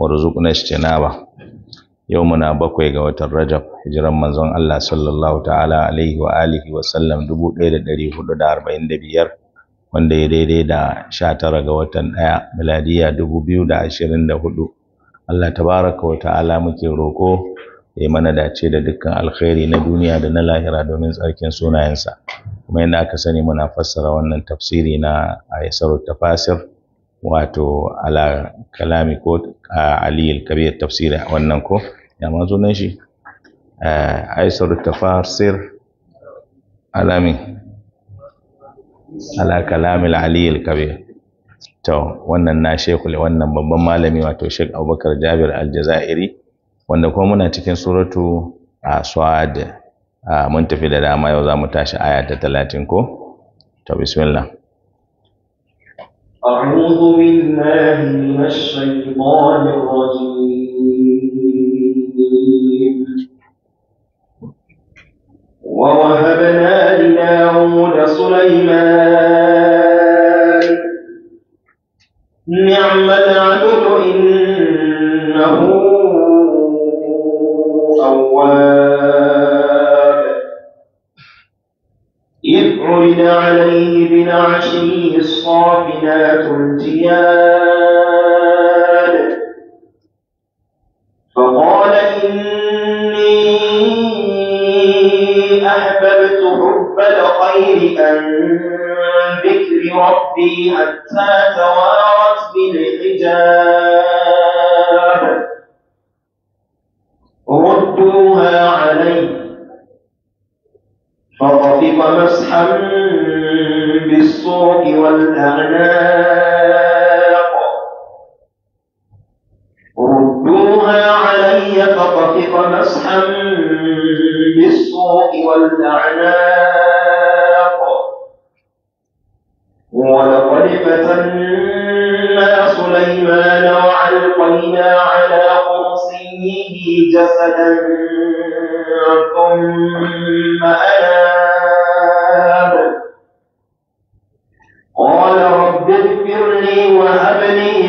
warzuqna ijtinaba yau muna bakwai ga watan Rajab hijiran manzon Allah sallallahu ta'ala alaihi wa alihi wa sallam biyar, wanda ya daidai da sha tara ga watan ɗaya, dubu biyu da ashirin da hudu. Allah tabaraka wa ta'ala muke roko ya mana dace da dukkan alkhairi na duniya da na lahira domin tsarkin sunayensa kuma yadda aka sani muna fassara wannan tafsiri na a ayasaru tafasir wato ala kalami ko Aliyu kabir tafsiri wannan ko ya ma sunan shi aisar tafasir alami ala kalamil aliyul kabir to wannan na shekule wannan babban malami wato shek abubakar jabir aljazairi wanda kuma muna cikin suratu a swad mun tafi da dama yau za mu tashi aya ta talatin ko to bismillah أعوذ بالله من الشيطان الرجيم ووهبنا لداود سليمان نعم العبد إنه أواب عرض عليه بنعشه الصافنات الجياد فقال إني أحببت حب الخير أن ذكر ربي حتى توارت بالحجاب ردوها علي فطفق مسحا بالصوت والأعناق ردوها علي فطفق مسحا بالصوت والأعناق ولقد فتنا سليمان وعلقينا على كرسيه جسدا ثم أناب قال رب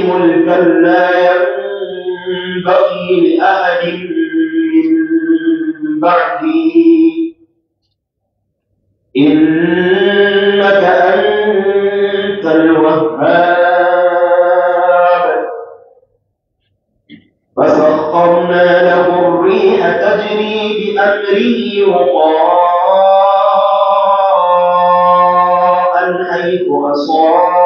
ملكا لا ينبغي لأحد من بعدي إنك أنت الوهاب بصره وقاء حيث أصاب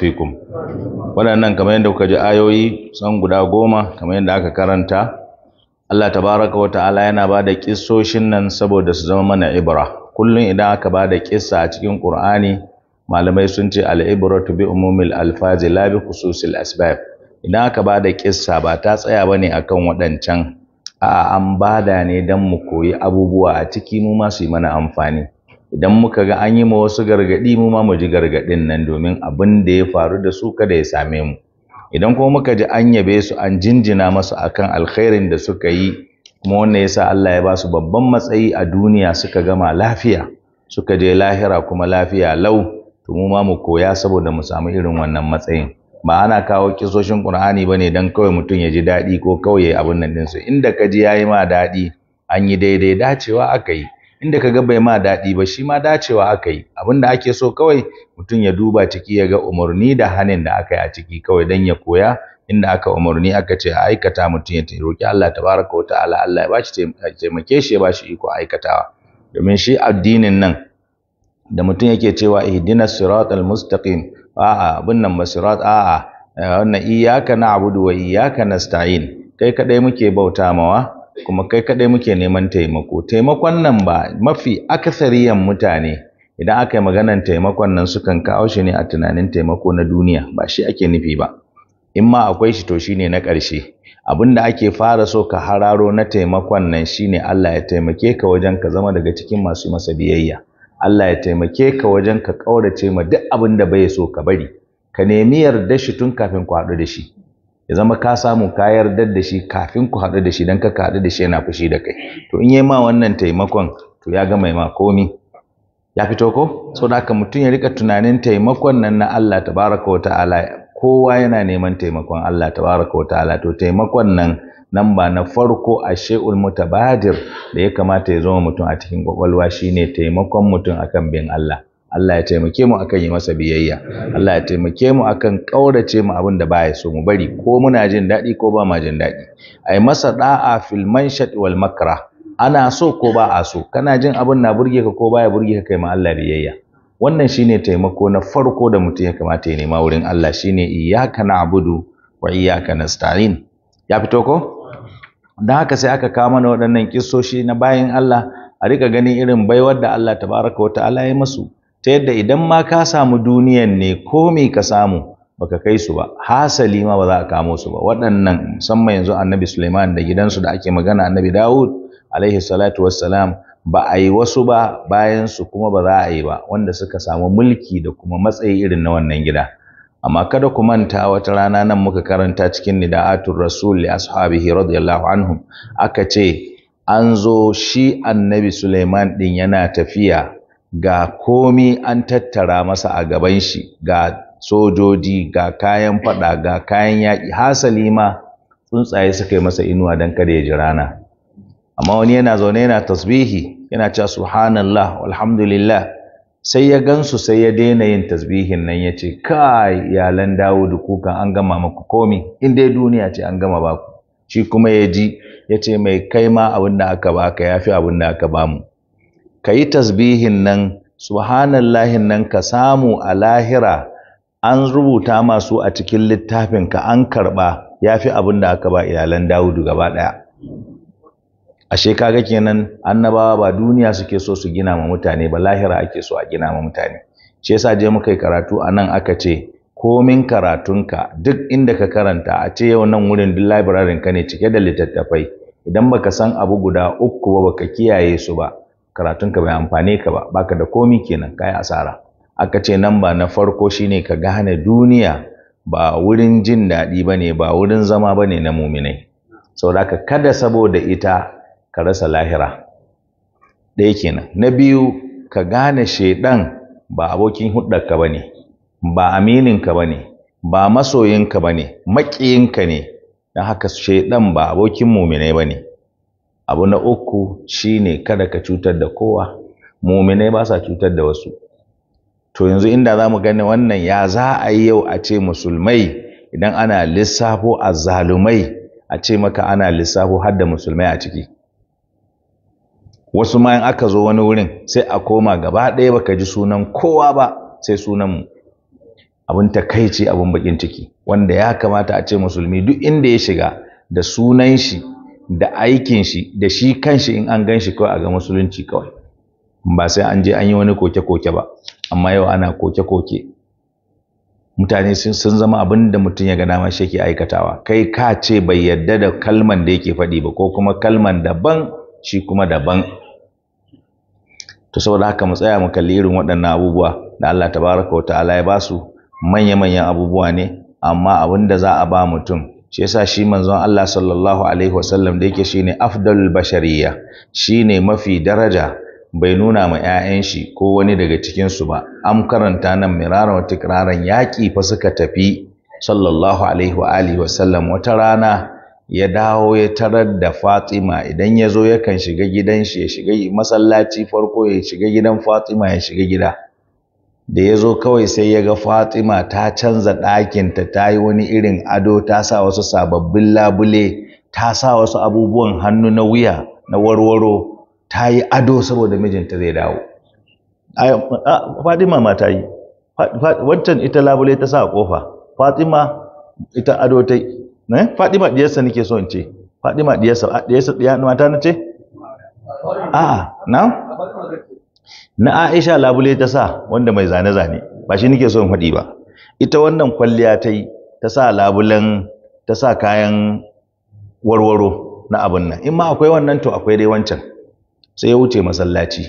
fikum waɗannan kamar yadda kuka ji ayoyi san guda goma kamar yadda aka karanta Allah tabaraka wa ta'ala yana ba da kissoshin nan saboda su zama mana ibra kullum idan aka ba da kissa a cikin Ƙur'ani, malamai sun ce al-ibratu bi umumil alfazi la bi khususil asbab idan aka ba da kissa ba ta tsaya bane akan waɗancan a'a an bada ne dan mu koyi abubuwa a ciki mu ma su yi mana amfani idan muka ga an yi ma wasu gargaɗi mu ma mu ji gargaɗin nan domin abin da ya faru da su kada ya same mu idan kuma muka ji an yabe su an jinjina masu akan alkhairin da suka yi kuma wannan yasa Allah ya ba su babban matsayi a duniya suka gama lafiya suka je lahira kuma lafiya lau to mu ma mu koya saboda mu samu irin wannan matsayin ba ana kawo kisoshin Qur'ani bane dan kawai mutum ya ji daɗi ko kawai yayi abin nan su. inda ka ji yayi ma daɗi an yi daidai dacewa aka yi inda ka ga bai ma daɗi ba shi ma dacewa aka yi abin da ake so kawai mutum ya duba ciki ya ga umarni da hanin da aka yi a ciki kawai don ya koya inda aka umarni aka ce a aikata mutum ya roƙi Allah tabaraka wa ta'ala Allah ya bashi taimake shi ya bashi iko aikatawa domin shi addinin nan da mutum yake cewa ihdina siratal mustaqim a'a abin nan ba sirat a'a eh, wannan iyyaka na'budu wa iyyaka nasta'in kai kadai muke bauta mawa kuma kai kaɗai muke neman taimako taimakon nan ba mafi akasariyan mutane idan aka yi maganan taimakon nan sukan kawo shi ne a tunanin taimako na duniya ba shi ake nufi ba in ma akwai shi to shine na ƙarshe abin da ake fara so ka hararo na taimakon nan shi ne Allah ya taimake ka wajen ka zama daga cikin masu masa biyayya Allah ya taimake ka wajen ka ƙaurace ma duk abin da bai so ka bari ka nemi yarda shi tun kafin ku haɗu da shi ya zama ka samu ka yardar da shi kafin ku haɗu da shi don ka haɗu da shi yana fushi da kai to in yi ma wannan taimakon to ya gama ma komi ya fito ko so da haka mutum ya rika tunanin taimakon nan na Allah tabaraka wa kowa yana neman taimakon Allah tabaraka wa to taimakon nan nan ba na farko a she'ul mutabadir da ya kamata ya zama mutum a cikin kwakwalwa shine taimakon mutum akan bin Allah Allah ya taimake mu akan yi masa biyayya Allah ya taimake mu akan kaurace mu abin da baya so mu bari ko muna jin daɗi ko ba ma jin daɗi ai masa da'a fil manshat wal makra ana so ko ba a so kana jin abin na burge ka ko baya burge ka kai ma Allah biyayya wannan shine taimako na farko da mutum ya kamata ya nema wurin Allah shine iyyaka na'budu wa iyyaka nasta'in ya fito ko dan haka sai aka kawo mana waɗannan kissoshi na bayin Allah a rika ganin irin baiwar da Allah tabaraka wa ta'ala ya masu ta yadda idan ma ka samu duniyan ne ko mai ka samu baka kai su ba hasali ma ba za a kamo su ba waɗannan musamman yanzu annabi Suleiman da gidansu da ake magana annabi Dawud alaihi salatu wassalam ba a yi wasu ba bayan su kuma ba za a yi ba wanda suka samu mulki da kuma matsayi irin na wannan gida amma kada ku manta wata rana nan muka karanta cikin nida'atul rasul li ashabihi radiyallahu anhum aka ce an zo shi annabi Suleiman din yana tafiya ga komi an tattara masa a gaban shi ga sojoji ga kayan fada ga kayan yaki, hasali ma tsuntsaye suka yi masa inuwa don kada ya ji rana amma wani yana zaune yana tasbihi yana cewa subhanallah alhamdulillah sai ya gansu sai ya daina yin tasbihin nan ya ce kai iyalan dawudu kukan an gama maku komi in dai duniya ce an gama baku shi kuma ya ji ya ce mai kai ma abin da aka baka ya fi abin da aka bamu ka yi tasbihin nan subhanallahin nan ka samu a lahira an rubuta masu a cikin littafin ka an karɓa ya fi abin da aka ba iyalan dawudu gaba ɗaya a shekaga kenan annabawa ba duniya suke so su gina ma mutane ba lahira ake so a gina ma mutane ce sa je muka yi karatu a nan aka ce komin karatunka duk inda ka karanta a ce yau nan wurin duk labirarin ka ne cike da littattafai idan baka san abu guda uku ba baka kiyaye su ba Karatun ka bai amfane ka ba baka da komi kenan kai asara aka ce nan ba na farko shine ka gane duniya ba wurin jin daɗi ba ba wurin zama ba na muminai saboda so, kada saboda ita ka rasa lahira ɗaya kenan na biyu ka gane shaidan ba abokin hudarka ba ne ba amininka ba ne ba masoyinka ba ne maƙiyinka ne don haka shaidan ba abokin muminai ba ne abu na uku shine kada ka cutar da kowa muminai ba sa cutar da wasu to yanzu inda za mu gani wannan ya za a yi yau a ce musulmai idan ana lissafo azzalumai a ce maka ana lissafo har da musulmai a ciki wasu ma in aka zo wani wurin sai a koma gaba ɗaya baka ji sunan kowa ba sai sunan mu abin takaici abin bakin ciki wanda ya kamata a ce musulmi duk inda ya shiga da sunan shi da aikin shi da shi kanshi in an gan shi kawai a ga musulunci kawai ba sai an je an yi wani koke-koke ba amma yau ana koke-koke mutane sun zama abin da mutum ya ga dama shi yake aikatawa kai ka ce bai yarda da kalman da yake faɗi ba ko kuma kalman daban shi kuma daban to saboda haka mu tsaya mu kalli irin waɗannan abubuwa da Allah tabaraka wa ta'ala ya basu manya-manyan abubuwa ne amma abin da za a ba mutum shi yasa shi manzon Allah sallallahu alaihi wasallam da yake shine afdalul bashariya shine mafi daraja bai nuna ma 'ya'yan shi ko wani daga cikin su ba am karanta nan miraran wa tikraran yaƙi fa suka tafi sallallahu alaihi wa alihi wasallam wata rana ya dawo ya tarar da Fatima idan ya zo yakan shiga gidan shi ya shiga masallaci farko ya shiga gidan Fatima ya shiga gida da ya zo kawai sai ya ga fatima ta canza ɗakinta ta yi wani irin ado ta sa wasu sababbin labule ta sa wasu abubuwan hannu na wuya na warwaro ta yi ado saboda mijinta zai dawo fatima ma ta yi wancan ita labule ta sa a kofa fatima ita ado ta yi eh? fatima diyarsa nake so in ce fatima diyarsa diyarsa diyarsa mata na ce a'a na na Aisha labule ta sa wanda mai zane-zane ba shi nake so in faɗi ba ita wannan kwalliya ta yi ta sa labulen ta sa kayan warwaro na abin nan in ma akwai wannan to akwai dai wancan sai ya wuce masallaci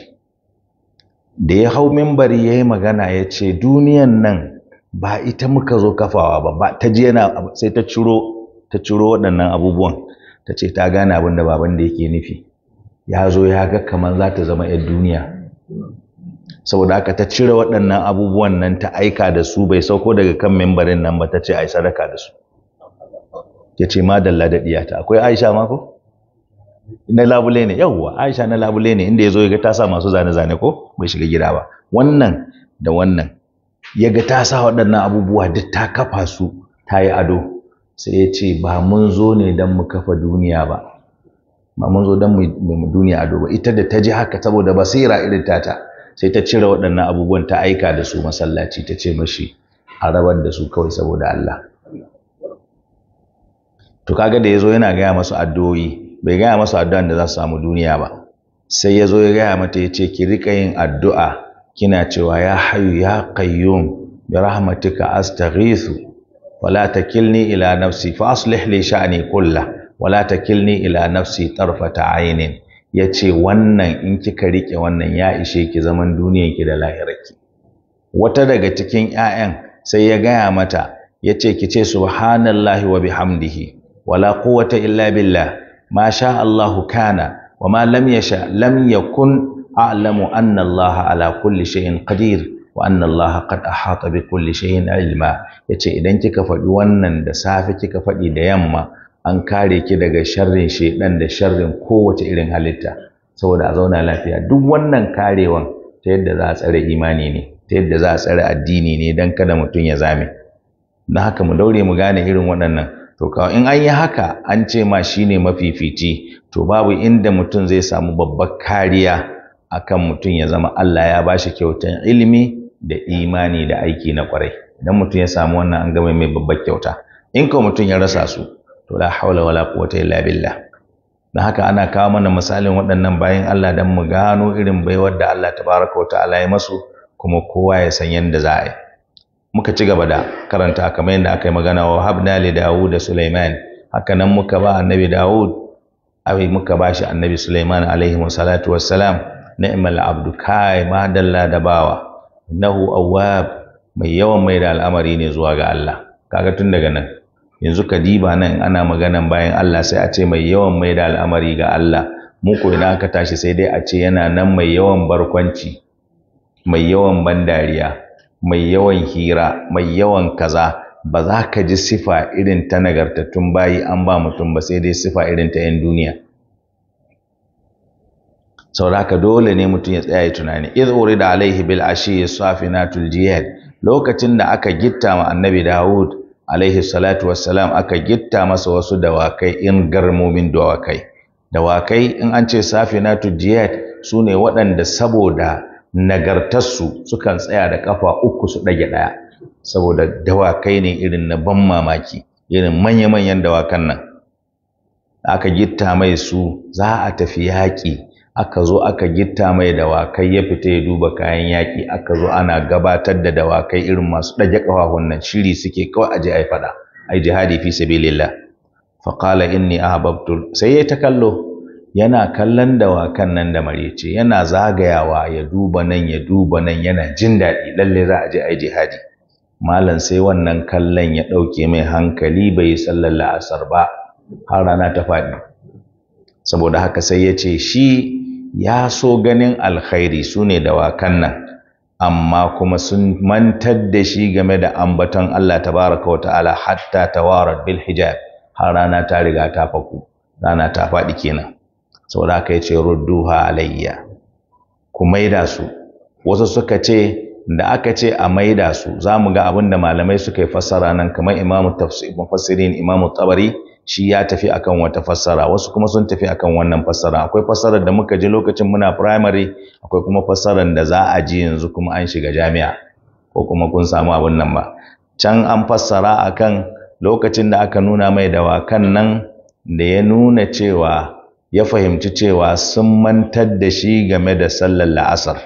da ya hau mimbari ya yi magana ya ce duniyan nan ba ita muka zo kafawa ba ba ta ji yana sai ta ciro ta ciro waɗannan abubuwan ta ce ta gane abinda da baban da yake nufi ya zo ya ga kamar za ta zama 'yar duniya saboda haka ta cire waɗannan abubuwan nan ta aika da su bai sauko daga kan membarin nan ba ta ce a yi sadaka da su ya ce ma dalla da ɗiyata akwai aisha ma na labule ne yawwa aisha na labule ne inda ya zo ya ga ta sa masu zane-zane ko bai shiga gida ba wannan da wannan ya ga ta sa waɗannan abubuwa duk ta kafa su ta yi ado sai ya ce ba mun zo ne don mu kafa duniya ba ba mun zo don mu duniya a ba ita da ta ji haka saboda basira irin tata sai ta cire waɗannan abubuwan ta aika da su masallaci ta ce mashi a rabar da su kawai saboda Allah to kaga da yazo yana gaya masu addu'o'i bai gaya masu addu'an da za su samu duniya ba sai yazo ya gaya mata ya ce ki rika yin addu'a kina cewa ya hayu ya qayyum bi rahmatika astaghithu wala takilni ila nafsi fa aslih li sha'ni kullahu wala takilni ila nafsi tarfata ainin yace wannan in kika rike wannan ya ishe ki zaman duniyar ki da lahirarki wata daga cikin ƴaƴan sai ya gaya mata yace ki ce subhanallahi wa bihamdihi wala quwwata illa billah ma sha Allahu kana wa ma lam yasha lam yakun a'lamu anna Allah ala kulli shay'in qadir wa anna Allah qad ahata bi kulli shay'in ilma yace idan kika faɗi wannan da safe kika faɗi da yamma an kare ki daga sharrin shedan da sharrin kowace irin halitta saboda a zauna lafiya duk wannan karewan ta yadda za a tsare imani ne ta yadda za a tsare addini ne don kada mutum ya zame na haka mu daure mu gane irin waɗannan to kawai in an yi haka an ce ma shine mafifici to babu inda mutum zai samu babbar kariya akan mutum ya zama Allah ya bashi kyautan ilimi da imani da aiki na kwarai idan mutum ya samu wannan an gama mai babbar kyauta in ko mutum ya rasa su to la haula wala quwwata illa billah dan haka ana kawo mana misalin waɗannan bayan Allah dan mu gano irin baiwar da Allah tabaaraka wa ta'ala ya masu kuma kowa ya san yadda za a yi muka ci gaba da karanta kamar yadda aka yi magana wa habna li daud da Sulaiman haka nan muka ba annabi daud abi muka ba shi annabi Sulaiman alaihi wassalatu wassalam ni'mal abdu kai ma dalla da bawa innahu awwab mai yawan mai da al'amari ne zuwa ga Allah kaga tun daga nan yanzu kadiba nan ana maganan bayan Allah sai a ce mai yawan mai da al'amari ga Allah mu ko idan aka tashi sai dai a ce yana nan mai yawan barkwanci mai yawan bandariya mai yawan hira mai yawan kaza ba za ka ji sifa irin ta nagartattun bayi an ba mutum ba sai dai sifa irin ta 'yan duniya sauraka dole ne mutum ya tsaya ya tunani iz urida alaihi bil ashi safinatul jihad lokacin da aka gitta ma annabi Dawud alaihi salatu wassalam aka gitta masa wasu dawakai in garmomin dawakai dawakai in an ce safinatu jihad su ne waɗanda saboda nagartarsu sukan tsaya da ƙafa uku su ɗage ɗaya saboda dawakai ne irin na ban mamaki irin manya-manyan dawakan nan aka gitta mai su za a tafi yaƙi aka zo aka gitta mai dawakai ya fita ya duba kayan yaƙi aka zo ana gabatar da dawakai irin masu ɗage ƙafafun nan shiri suke kawai aje ai faɗa ai jihadi fi sabilillah fa qala inni ahbabtu sai yayi ta kallo yana kallon dawakan nan da marece yana zagayawa ya duba nan ya duba nan yana jin daɗi lalle za a je ai jihadi malam sai wannan kallon ya ɗauke mai hankali bai yi sallar la'asar ba har rana ta faɗi saboda haka sai ya ce shi ya so ganin alkhairi su ne wakan nan amma kuma sun mantar da shi game da ambaton Allah tabaraka wa ta'ala hatta tawarat bil hijab har rana ta riga ta faku rana ta faɗi kenan saboda haka ya ce rudduha alayya ku maida su wasu suka ce da aka ce a maida su za mu ga abin da malamai suka yi fassara nan kamar imamu tafsirin imamu tabari shi ya tafi akan wata fassara wasu kuma sun tafi akan wannan fassara akwai fassarar da muka ji lokacin muna primary akwai kuma fassarar da za a ji yanzu kuma an shiga jami'a ko kuma kun samu abin nan ba can an fassara akan lokacin da aka nuna mai wakan nan da ya nuna cewa ya fahimci cewa sun mantar da shi game da sallar la'asar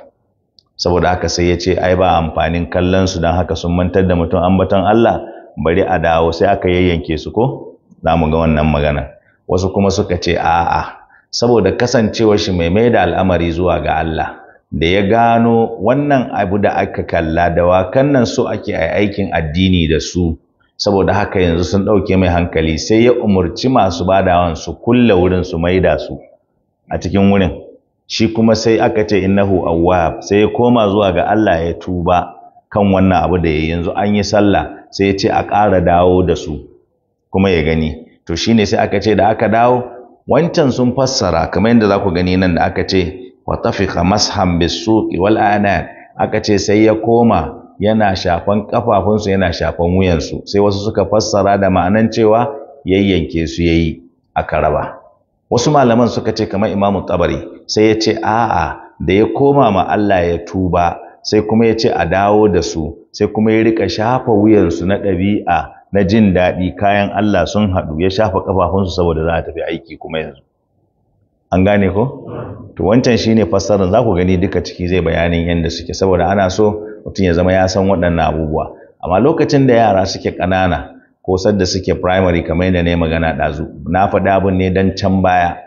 saboda haka sai ya ce ai ba amfanin kallon su don haka sun mantar da mutum ambaton Allah bari a dawo sai aka yayyanke su ko za mu ga wannan magana wasu kuma suka ce a'a saboda kasancewar shi mai mai da al'amari zuwa ga Allah da ya gano wannan abu da aka kalla da wakan nan so ake a aikin addini da su saboda haka yanzu sun ɗauke mai hankali sai ya umarci masu badawan su kulle wurin su mai da su a cikin wurin shi kuma sai aka ce innahu awwab sai ya koma zuwa ga Allah ya tuba kan wannan abu da ya yanzu an yi sallah sai ya ce a ƙara dawo da su kuma ya gani to shine sai aka ce da aka dawo wancan sun fassara kamar yadda za ku gani nan da aka ce wa tafiqa masham bisuqi wal anan aka ce sai ya koma yana shafan kafafunsu yana shafan wuyansu sai wasu suka fassara da ma'anan cewa yayyanke su yayi aka raba wasu malaman suka ce kamar imamu tabari sai ya ce a'a da ya koma ma Allah ya tuba sai kuma ya ce a dawo da su sai kuma ya rika shafa wuyansu na ɗabi'a na jin daɗi kayan Allah sun haɗu ya shafa ƙafafunsu saboda za a tafi aiki kuma yanzu an gane ko to wancan shine fassarar za ku gani duka ciki zai bayanin yadda suke saboda ana so mutum ya zama ya san waɗannan abubuwa amma lokacin da yara suke ƙanana ko sadda suke primary kamar yadda na yi magana ɗazu na faɗa abin ne don can baya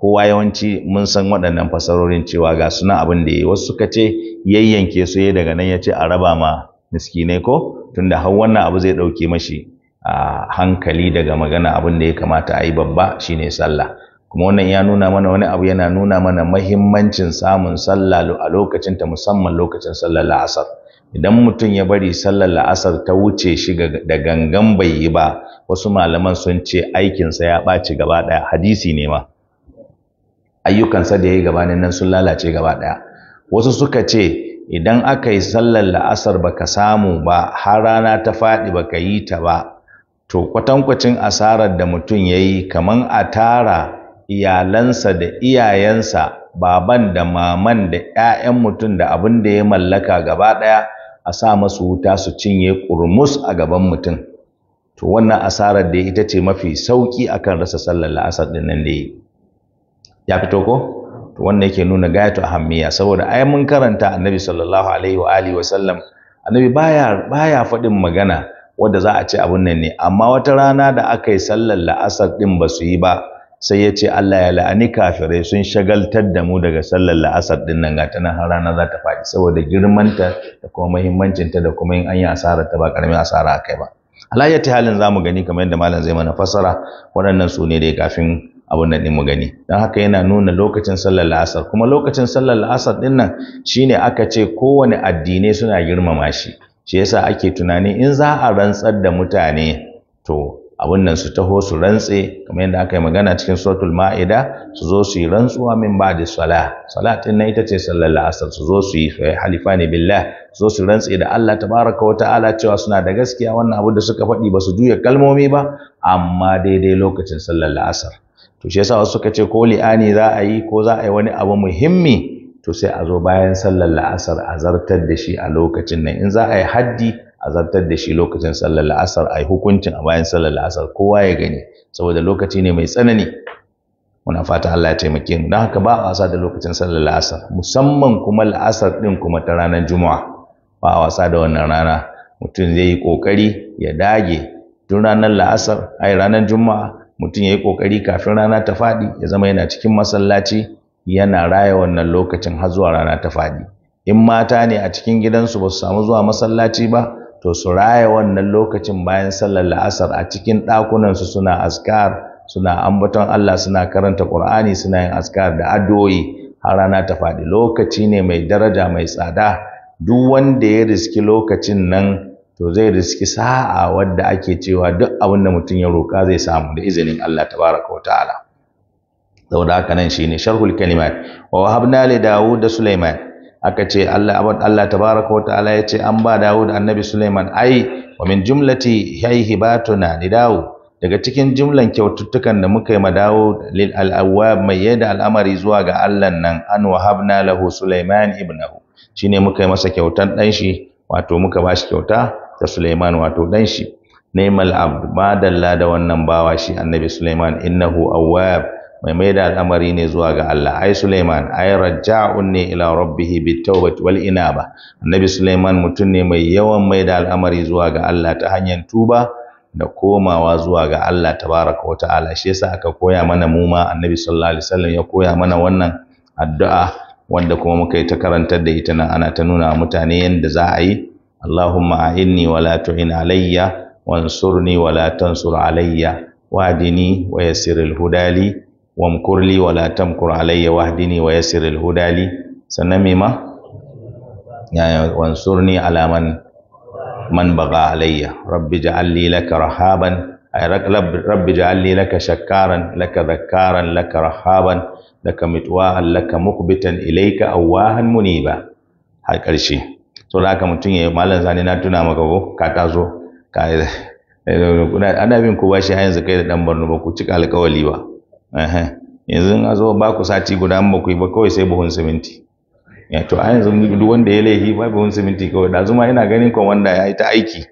kowa yawanci mun san waɗannan fasarorin cewa ga suna abin da ya yi wasu suka ce yayyanke su ya daga nan ya ce a raba ma miskinai ko tunda har wannan abu zai ɗauki mashi a hankali daga magana abin da ya kamata a yi babba shine sallah kuma wannan ya nuna mana wani abu yana nuna mana mahimmancin samun sallah a lokacin ta musamman lokacin sallar la'asar idan mutum ya bari sallar la'asar ta wuce shi da gangan bai yi ba wasu malaman sun ce aikinsa ya ɓaci gaba ɗaya hadisi ne ma ayyukansa da ya yi gabanin nan sun lalace gaba ɗaya wasu suka ce idan aka yi sallar la'asar baka samu ba har rana ta faɗi baka yi ta ba to kwatankwacin asarar da mutum ya yi kamar a tara iyalansa da iyayensa baban da maman da 'ya'yan mutum da abin da ya mallaka gaba ɗaya a sa masu wuta su cinye ƙurmus a gaban mutum to wannan asarar da ita ce mafi sauƙi akan rasa sallar la'asar ɗin nan da yi ya fito ko? to wanda yake nuna gayatu ahammiya saboda ai mun karanta annabi sallallahu alaihi wa alihi wa sallam annabi baya baya faɗin magana wanda za a ce abun nan ne amma wata rana da aka yi sallar la'asar din ba su yi ba sai ya ce Allah ya la'ani kafirai sun shagaltar da mu daga sallar la'asar din nan ga ta nan har rana za ta faɗi saboda girmanta da kuma muhimmancinta da kuma yin an yi asara ta ba karamin asara a kai ba alayyati halin zamu gani kamar yadda malam zai mana fassara waɗannan su ne dai kafin abin nan din mu gani don haka yana nuna lokacin sallar la'asar kuma lokacin sallar la'asar din nan shine aka ce kowane addinai suna girmama shi shi yasa ake tunani in za a rantsar da mutane to abin nan su taho su rantse kamar yadda aka yi magana cikin suratul ma'ida su zo su yi rantsuwa min ba da sala ɗin na ita ce sallar la'asar su zo su yi eh, halifa ne billah su zo su rantse da Allah tabaraka wa ta'ala cewa suna da gaskiya wannan abu da suka faɗi ba su juya kalmomi ba amma daidai lokacin sallar la'asar to shi yasa wasu suka ce ko li'ani za a yi ko za a yi wani abu muhimmi to sai a zo bayan sallar la'asar a zartar da shi a lokacin nan in za a yi haddi a zartar da shi lokacin sallar la'asar a yi hukuncin a bayan sallar la'asar kowa ya gani saboda lokaci ne mai tsanani muna fata Allah ya taimake mu don haka ba a wasa da lokacin sallar la'asar musamman kuma la'asar din kuma ta ranar juma'a ba a wasa da wannan rana mutum zai yi kokari ya dage tun ranar la'asar ai ranar juma'a mutum ya yi ƙoƙari kafin rana ta faɗi ya zama yana cikin masallaci yana raya wannan lokacin har zuwa rana ta faɗi in mata ne a cikin gidansu ba su samu zuwa masallaci ba to su raya wannan lokacin bayan sallar la'asar a cikin ɗakunansu suna askar suna ambaton Allah suna karanta Qur'ani suna yin askar da addu'o'i har rana ta faɗi lokaci ne mai daraja mai tsada duk wanda ya riski lokacin nan to zai riski sa'a wadda ake cewa duk abin da mutum ya roƙa zai samu da izinin Allah tabaraka wa ta'ala da haka nan shine sharhul kalimat wa wahabna li dawud da sulaiman aka ce Allah Allah tabaraka wa ta'ala ya ce an ba dawud annabi sulaiman ai wa min jumlati na li dawud daga cikin jumlan kyaututtukan da muka yi ma dawud lil al'awwab mai yadda al'amari zuwa ga Allah nan an wahabna lahu Sulaiman ibnahu shine muka yi masa kyautan dan shi wato muka bashi kyauta da Suleiman wato dan shi naimal abd ma dalla da wannan bawa shi annabi suleiman innahu awwab mai mai da al'amari ne zuwa ga Allah ai Suleiman, ai raja'un ne ila rabbih bitawbati wal inaba annabi Suleiman mutum ne mai yawan mai da al'amari zuwa ga Allah ta hanyar tuba da komawa zuwa ga Allah tabaraka wa ta'ala shi yasa aka koya mana mu ma annabi sallallahu alaihi wasallam ya koya mana wannan addu'a wanda kuma muka yi ta karantar da ita nan ana ta nuna mutane yadda za a yi Allahuma a inni wala tu'in alayya wansurni wa la tansur alayya wahdini wa yassir al-hudali wamkurli wa la alayya wahdini wa yassir al-hudali sannan me ma wansurni ala man man baga alayya rabbi ja'alli laka rahaban رب اجعل لي لك شكارا لك ذكارا لك رحابا لك متواء لك مقبتا إليك أواها منيبا so da haka mutum ya yi malam Zane na tuna maka ko ka taso ka ana bin ku bashi har yanzu kai da dan Borno ba ku cika alkawali ba yanzu in zo ba ku sati guda ba ku yi ba kawai sai buhun siminti ya to a yanzu duk wanda ya laifi ba buhun siminti kawai da zuma ina ganin wanda ya yi ta aiki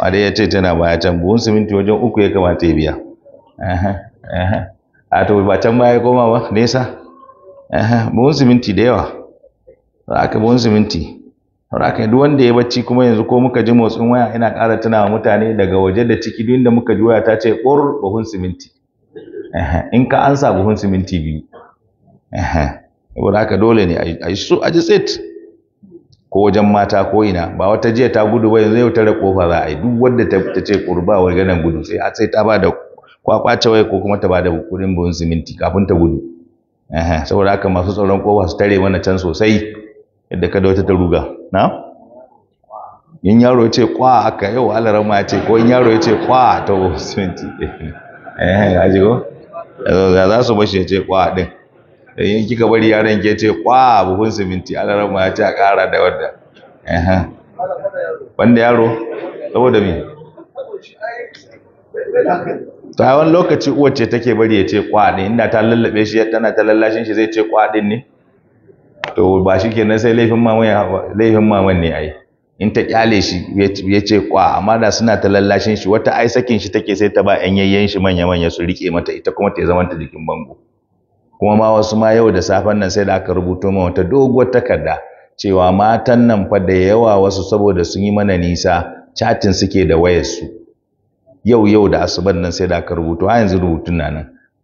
wadda ya ce tana baya can buhun siminti wajen uku ya kamata ya biya a to ba can baya koma ba nesa buhun siminti da yawa za ka buhun siminti don aka duk wanda ya bacci kuma yanzu ko muka ji motsin waya ina ƙara tuna wa mutane daga waje da ciki duk inda muka ji waya ta ce ƙur buhun siminti in ka ansa buhun siminti biyu saboda haka dole ne a yi su a ji tsit ko wajen mata ko ina ba wata jiya ta gudu ba yanzu yau tare kofa za a yi duk wadda ta ce kurba wa ganin gudu sai a sai ta ba da kwakwace wai ko kuma ta ba da kudin buhun siminti kafin ta gudu saboda haka masu tsaron kofa su tare mana can sosai yadda kada wata ta ruga na in yaro ya ce kwa aka yau alaran ma ya ce ko in yaro ya ce kwa ta wasunci eh ya ji ko ga za su bashi ya ce kwa din eh, in kika bari yaron ke ce kwa buhun siminti alaran ma ya ce a kara da wadda eh wanda yaro saboda me ta wani lokaci uwar ce take bari ya ce kwa din inda ta lallabe shi tana ta lallashin shi zai ce kwa din ne to ba shi kenan sai laifin maman laifin maman ne ai in ta kyale shi ya ce kwa amma da suna ta lallashin shi wata ai sakin shi take sai ta ba yan yayyen shi manya manya su rike mata ita kuma ta zama ta jikin bango kuma ma wasu ma yau da safen nan sai da aka rubuto ma wata doguwar takarda cewa matan nan fa da yawa wasu saboda sun yi mana nisa chatin suke da wayarsu yau yau da asuban nan sai da aka rubuto a yanzu rubutun nan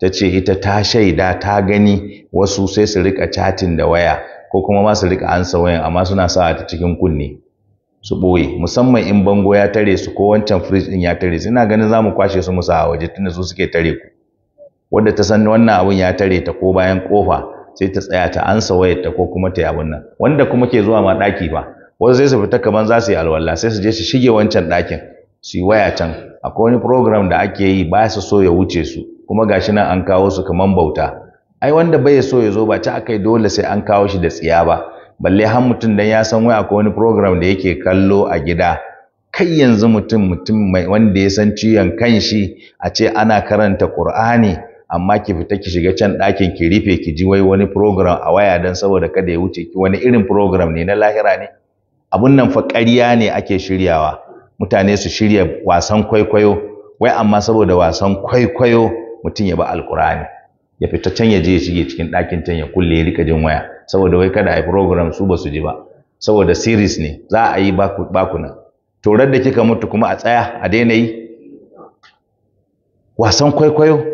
ta ce ita ta shaida ta gani wasu sai su rika chatin da waya ko kuma masu rika ansa wayan amma suna sa ta cikin kunne su boye musamman in bango ya tare su ko wancan fridge din ya tare su ina ganin za kwashe su musa a waje tunda su suke tare ku wanda ta san wannan abun ya tare ta ko bayan kofa sai ta tsaya ta ansa wayar ta ko kuma ta yi nan wanda kuma ke zuwa ma daki fa wasu sai su fita kaman za su yi alwala sai su je su shige wancan dakin su yi waya can akwai wani program da ake yi ba su so ya wuce su kuma gashi nan an kawo su kaman bauta ai wanda bai so ya zo ba ta akai dole sai an kawo shi da tsiya ba balle har mutum dan ya san wai akwai wani program da yake kallo a gida kai yanzu mutum mutum mai wanda ya san ciyon kanshi a ce ana karanta Qur'ani amma ki fita ki shiga can ɗakin ki rufe ki ji wai wani program a waya dan saboda kada ya wuce ki wani irin program ne na lahira ne abun nan fa ƙarya ne ake shiryawa mutane su shirya wasan kwaikwayo wai amma saboda wasan kwaikwayo mutum ya bi alkurani ya fita can ya je ya shige cikin ɗakin can ya kulle ya rika jin waya saboda wai kada a yi program su ba su ji ba saboda series ne za a yi bakuna torar da kika mutu kuma a tsaya a daina yi wasan kwaikwayo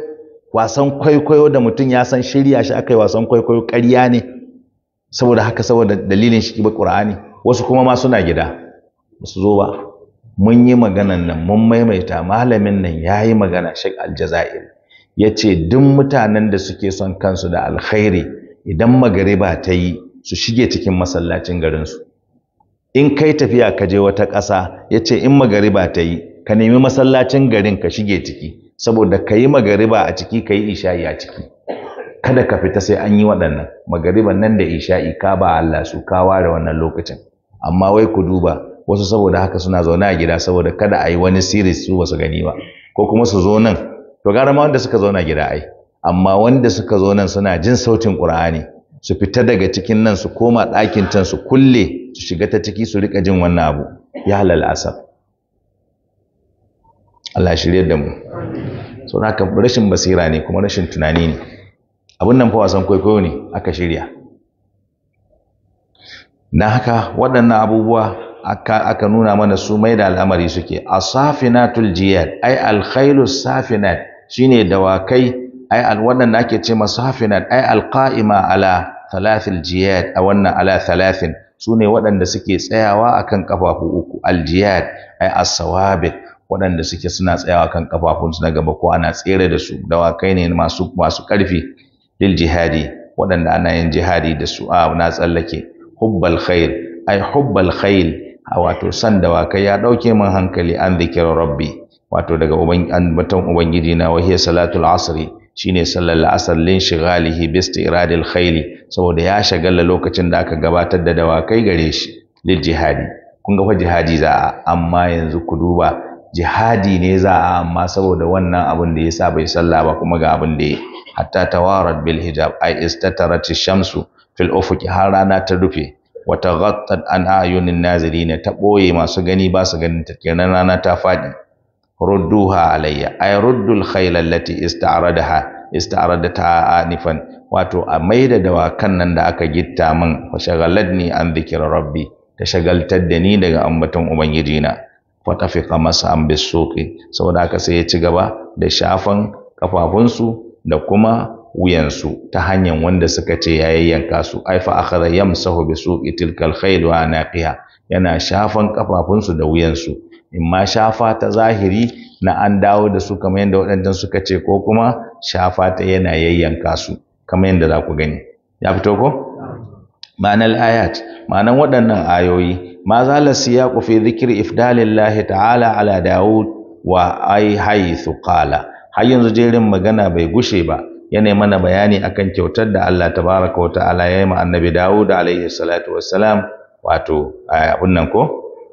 wasan kwaikwayo da mutum ya san shirya shi aka yi wasan kwaikwayo ƙarya ne saboda haka saboda dalilin shi ba ƙur'ani wasu kuma ma suna gida ba su zo ba mun yi maganan nan mun maimaita malamin nan ya yi magana shek aljazairi ya ce duk mutanen da suke son kansu da alkhairi idan magariba ta yi su shige cikin masallacin garinsu in kai tafiya ka je wata ƙasa ya ce in magariba ta yi ka nemi masallacin garin ka shige ciki saboda ka yi magariba a ciki ka yi isha'i a ciki kada ka fita sai an yi waɗannan magariba nan da isha'i ka ba Allah su ka ware wannan lokacin amma wai ku duba wasu saboda haka suna zaune a gida saboda kada a yi wani siri su ba su gani ba ko kuma su zo nan to gara ma wanda suka zauna gida ai amma wanda suka zo nan suna jin sautin Qur'ani su fita daga cikin nan su koma ɗakin can su kulle su shiga ta ciki su rika jin wannan abu ya halal asab Allah shirye da mu so haka rashin basira ne kuma rashin tunani ne abun nan fa wasan kwaikwayo ne aka shirya na haka waɗannan abubuwa aka, aka nuna mana su mai da al'amari suke asafinatul jiyad ai alkhailu safinat shine dawakai ai al wannan ake ce masu hafinat ai alqa'ima ala thalathil jiyad a wannan ala thalathin sune waɗanda suke tsayawa akan kafafu uku aljiyad ai as-sawabit waɗanda suke suna tsayawa kan kafafunsu na gaba ko ana tsere da su dawakai ne masu masu ƙarfi lil jihadi waɗanda ana yin jihadi da su a na tsallake hubbal khair ai hubbal khail a wato san dawakai ya ɗauke min hankali an zikirar rabbi wato daga ambaton ubangiji na wahiyar salatul asri shine sallar la'asar lin shigalihi bi iradil khaili saboda ya shagalla lokacin da aka gabatar da dawakai gare shi lil jihadi kun ga jihadi za a amma yanzu ku duba jihadi ne za a amma saboda wannan abin da yasa bai salla ba kuma ga abin da ya hatta tawarat bil hijab ai istatarat shamsu fil ufuki har rana ta rufe Wata taghattat an ayunin nazirina ta boye masu gani ba su ganin ta kenan rana ta faɗi rudduha alayya ay ruddul khayl allati ista'radaha ista'radata anifan wato a maida dawakan nan da aka gitta min wa ne an dhikra rabbi ta shagaltar da ni daga ambaton ubangiji na fa tafiqa mas'an bisuqi saboda haka sai ya ci gaba da shafan kafafunsu da kuma wuyansu ta hanyar wanda suka ce ya yanka su ai fa akhadha yamsahu bisuqi tilkal khayl wa naqiha yana shafan kafafunsu da wuyansu Imma shafa ta zahiri na an dawo da su kamar yadda waɗancan suka ce ko kuma shafa ta yana yayyanka su kamar yadda za ku gani ya fito ko ma'anar ayat ma'anar waɗannan ayoyi ma siya ku fi ifdalillahi ta'ala ala daud wa ai haythu qala har yanzu jerin magana bai gushe ba yana mana bayani akan kyautar da Allah tabaraka wa ta'ala ya yi ma annabi Dawud alaihi salatu wassalam wato abun nan ko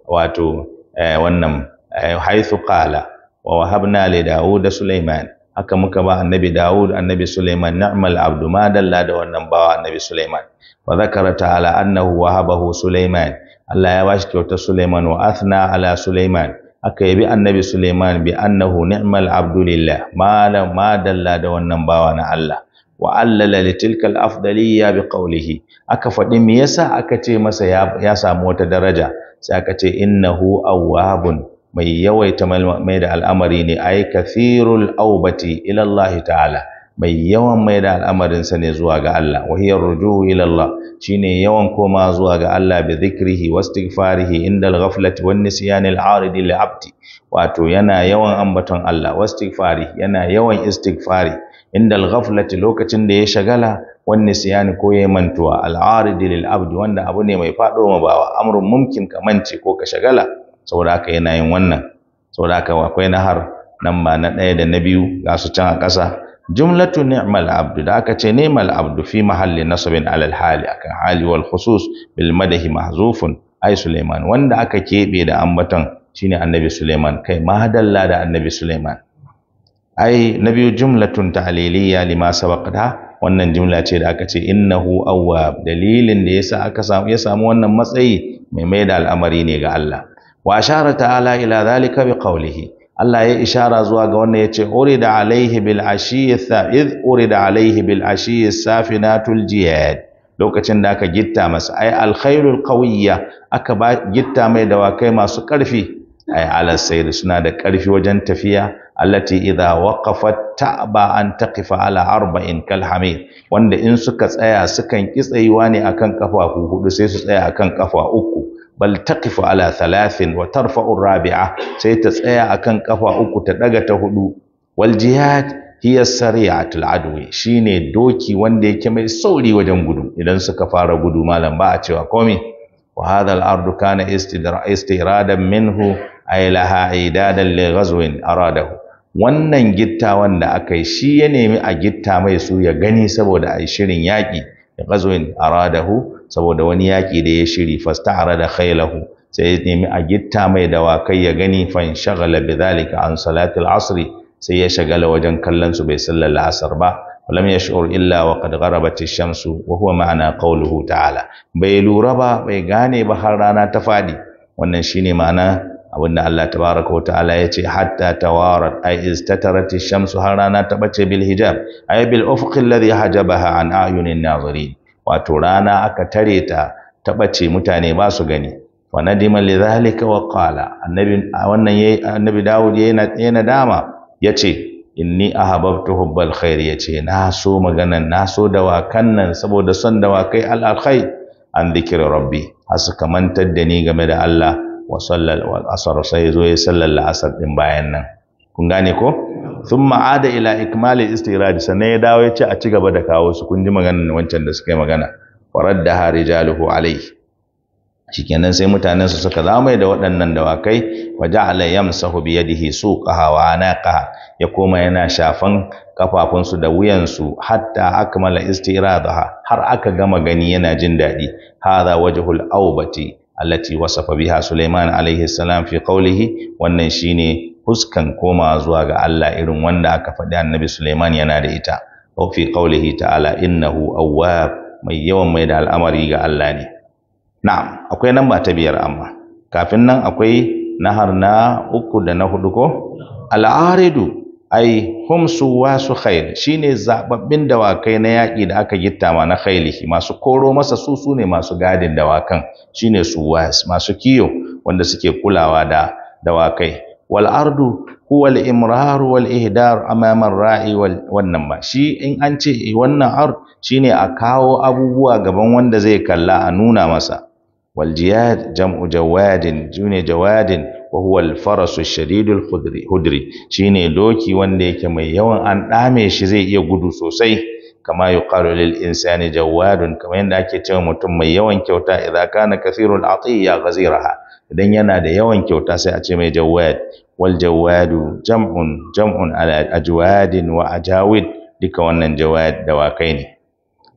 wato Eh, wannan eh, haythu qala wa wahabna li da Sulaiman haka muka ba annabi da'ud, annabi Sulaiman ni'mal abdu ma dalla da wannan bawa annabi Sulaiman wa zakara ta'ala annahu wahabahu Sulaiman Allah ya bashi kyautar Sulaiman wa athna ala Sulaiman aka yabi annabi Sulaiman bi annahu ni'mal abdu lillah ma dalla da wannan bawa na Allah wa allala litilkal afdaliyya bi qawlihi aka faɗi me yasa aka ce masa ya samu wata daraja sai aka ce innahu awwabun mai yawaita mai da al'amari ne ai kathirul aubati ila Allah ta'ala mai yawan mai da al'amarinsa ne zuwa ga Allah wa hiya rujuhu ila Allah shine yawan koma zuwa ga Allah bi dhikrihi wa inda al-ghaflati wan nisyani al-arid li abdi wato yana yawan ambaton Allah wa yana yawan istighfari indal gaflati lokacin da ya shagala wanne siyani ko ya mantuwa al'aridi lil abdi wanda abu ne mai fado ma bawa amrun mumkin ka mance ko ka shagala saboda haka yana yin wannan saboda haka akwai nahar nan ba na ɗaya da na biyu ga su can a ƙasa jumlatu ni'mal abdu da aka ce ni'mal abdu fi mahalli nasabin alal hali akan hali wal khusus bil madahi mahzufun ai Suleiman wanda aka keɓe da ambaton shine annabi Suleiman kai mahadalla da annabi Suleiman ai na biyu jumlatun ta'liliya lima sabaqata wannan jumla ce da aka ce innahu awwab dalilin da yasa aka samu ya samu wannan matsayi mai mai da al'amari ne ga Allah wa ashara ta'ala ila zalika bi qawlihi Allah ya ishara zuwa ga wannan yace urida alaihi bil ashiyyi sa'id urida alaihi bil ashiyyi safinatul jiyad lokacin da aka gitta masa ai alkhairul qawiyya aka gitta mai dawakai masu karfi ala sayr suna da ƙarfi wajen tafiya allati idza waqafat ta'ba an taqifa ala arba'in kal hamir wanda in suka tsaya sukan kitsayuwa ne akan kafafu hudu sai su tsaya akan kafa uku bal taqifu ala thalathin wa tarfa'u rabi'a sai ta tsaya akan kafa uku ta daga ta hudu wal jihad hiya sari'atul adwi shine doki wanda yake mai sauri wajen gudu idan suka fara gudu malam ba a cewa komai wa hadha al ardu kana istiradan minhu ay laha idadan li ghazwin aradahu wannan gitta wanda aka yi shi ya nemi a gitta mai su ya gani saboda a shirin yaƙi da ghazwin aradahu saboda wani yaƙi da ya shiri ara da khailahu sai ya nemi a gitta mai dawakai ya gani fan shagala bi zalika an salatil asri sai ya shagala wajen kallon su bai sallar la'asar ba ولم يشعر إلا وقد غربت الشمس وهو معنى قوله تعالى بيلو ربا بيغاني بحرانا تفادي wannan shine ma'ana abinda Allah tabaraka wa ta'ala ya ce hatta tawarat ay istatarat shamsu har rana ta bace bil hijab ay bil ufq alladhi hajabaha an ayunin nazirin wato rana aka tare ta ta bace mutane ba su gani wa nadima lidhalika wa qala annabi wannan yayi annabi Dawud yana yana dama yace inni ahabbtu hubbal khair yace na so maganan na so dawakan nan saboda son dawakai al alkhair an dhikri rabbi har suka mantar da ni game da Allah wa sallal sai zo ya sallar la'asar din bayan nan kun gane ko thumma ada ila ikmali istirad sannan ya dawo ya ce a ci gaba da kawo su kun ji maganar wancan da suka yi magana ha rijaluhu Alai. shikenan sai mutanen su suka zamai da waɗannan dawakai wa ja'ala yamsahu bi yadihi suqaha wa anaqaha ya koma yana shafan kafafunsu da wuyansu hatta akmala istiradaha har aka gama gani yana jin daɗi hadha wajhul aubati allati wasafa biha Suleiman alaihi salam fi qawlihi wannan shine huskan koma zuwa ga Allah irin wanda aka faɗi annabi Suleiman yana da ita wa fi qawlihi ta'ala innahu awwab mai yawan mai da al'amari ga Allah ne na'am akwai namba ta biyar amma kafin nan akwai nahar na uku da na hudu ko al'aridu ai hum wasu khair shine zababbin dawakai na yaƙi da aka gitta ma na khailihi masu koro masa su ne masu gadin dawakan shine suwas masu kiyo wanda suke kulawa da dawakai wal ardu huwa al imrar wal ihdar amama ra'i wannan ba shi in an ce eh, wannan ar shine a kawo abubuwa gaban wanda zai kalla a nuna masa wal jiyad jam'u jawadin june jawadin wa huwa al-farasu shadidul hudri shine doki wanda yake mai yawan an dame shi zai iya gudu sosai kama yuqalu lil insani jawadun kamar yadda ake ce wa mutum mai yawan kyauta idza kana kathirul atiya ghaziraha idan yana da yawan kyauta sai a ce mai jawad wal jawadu jam'un jam'un ala ajwadin wa ajawid duka wannan jawad dawakai ne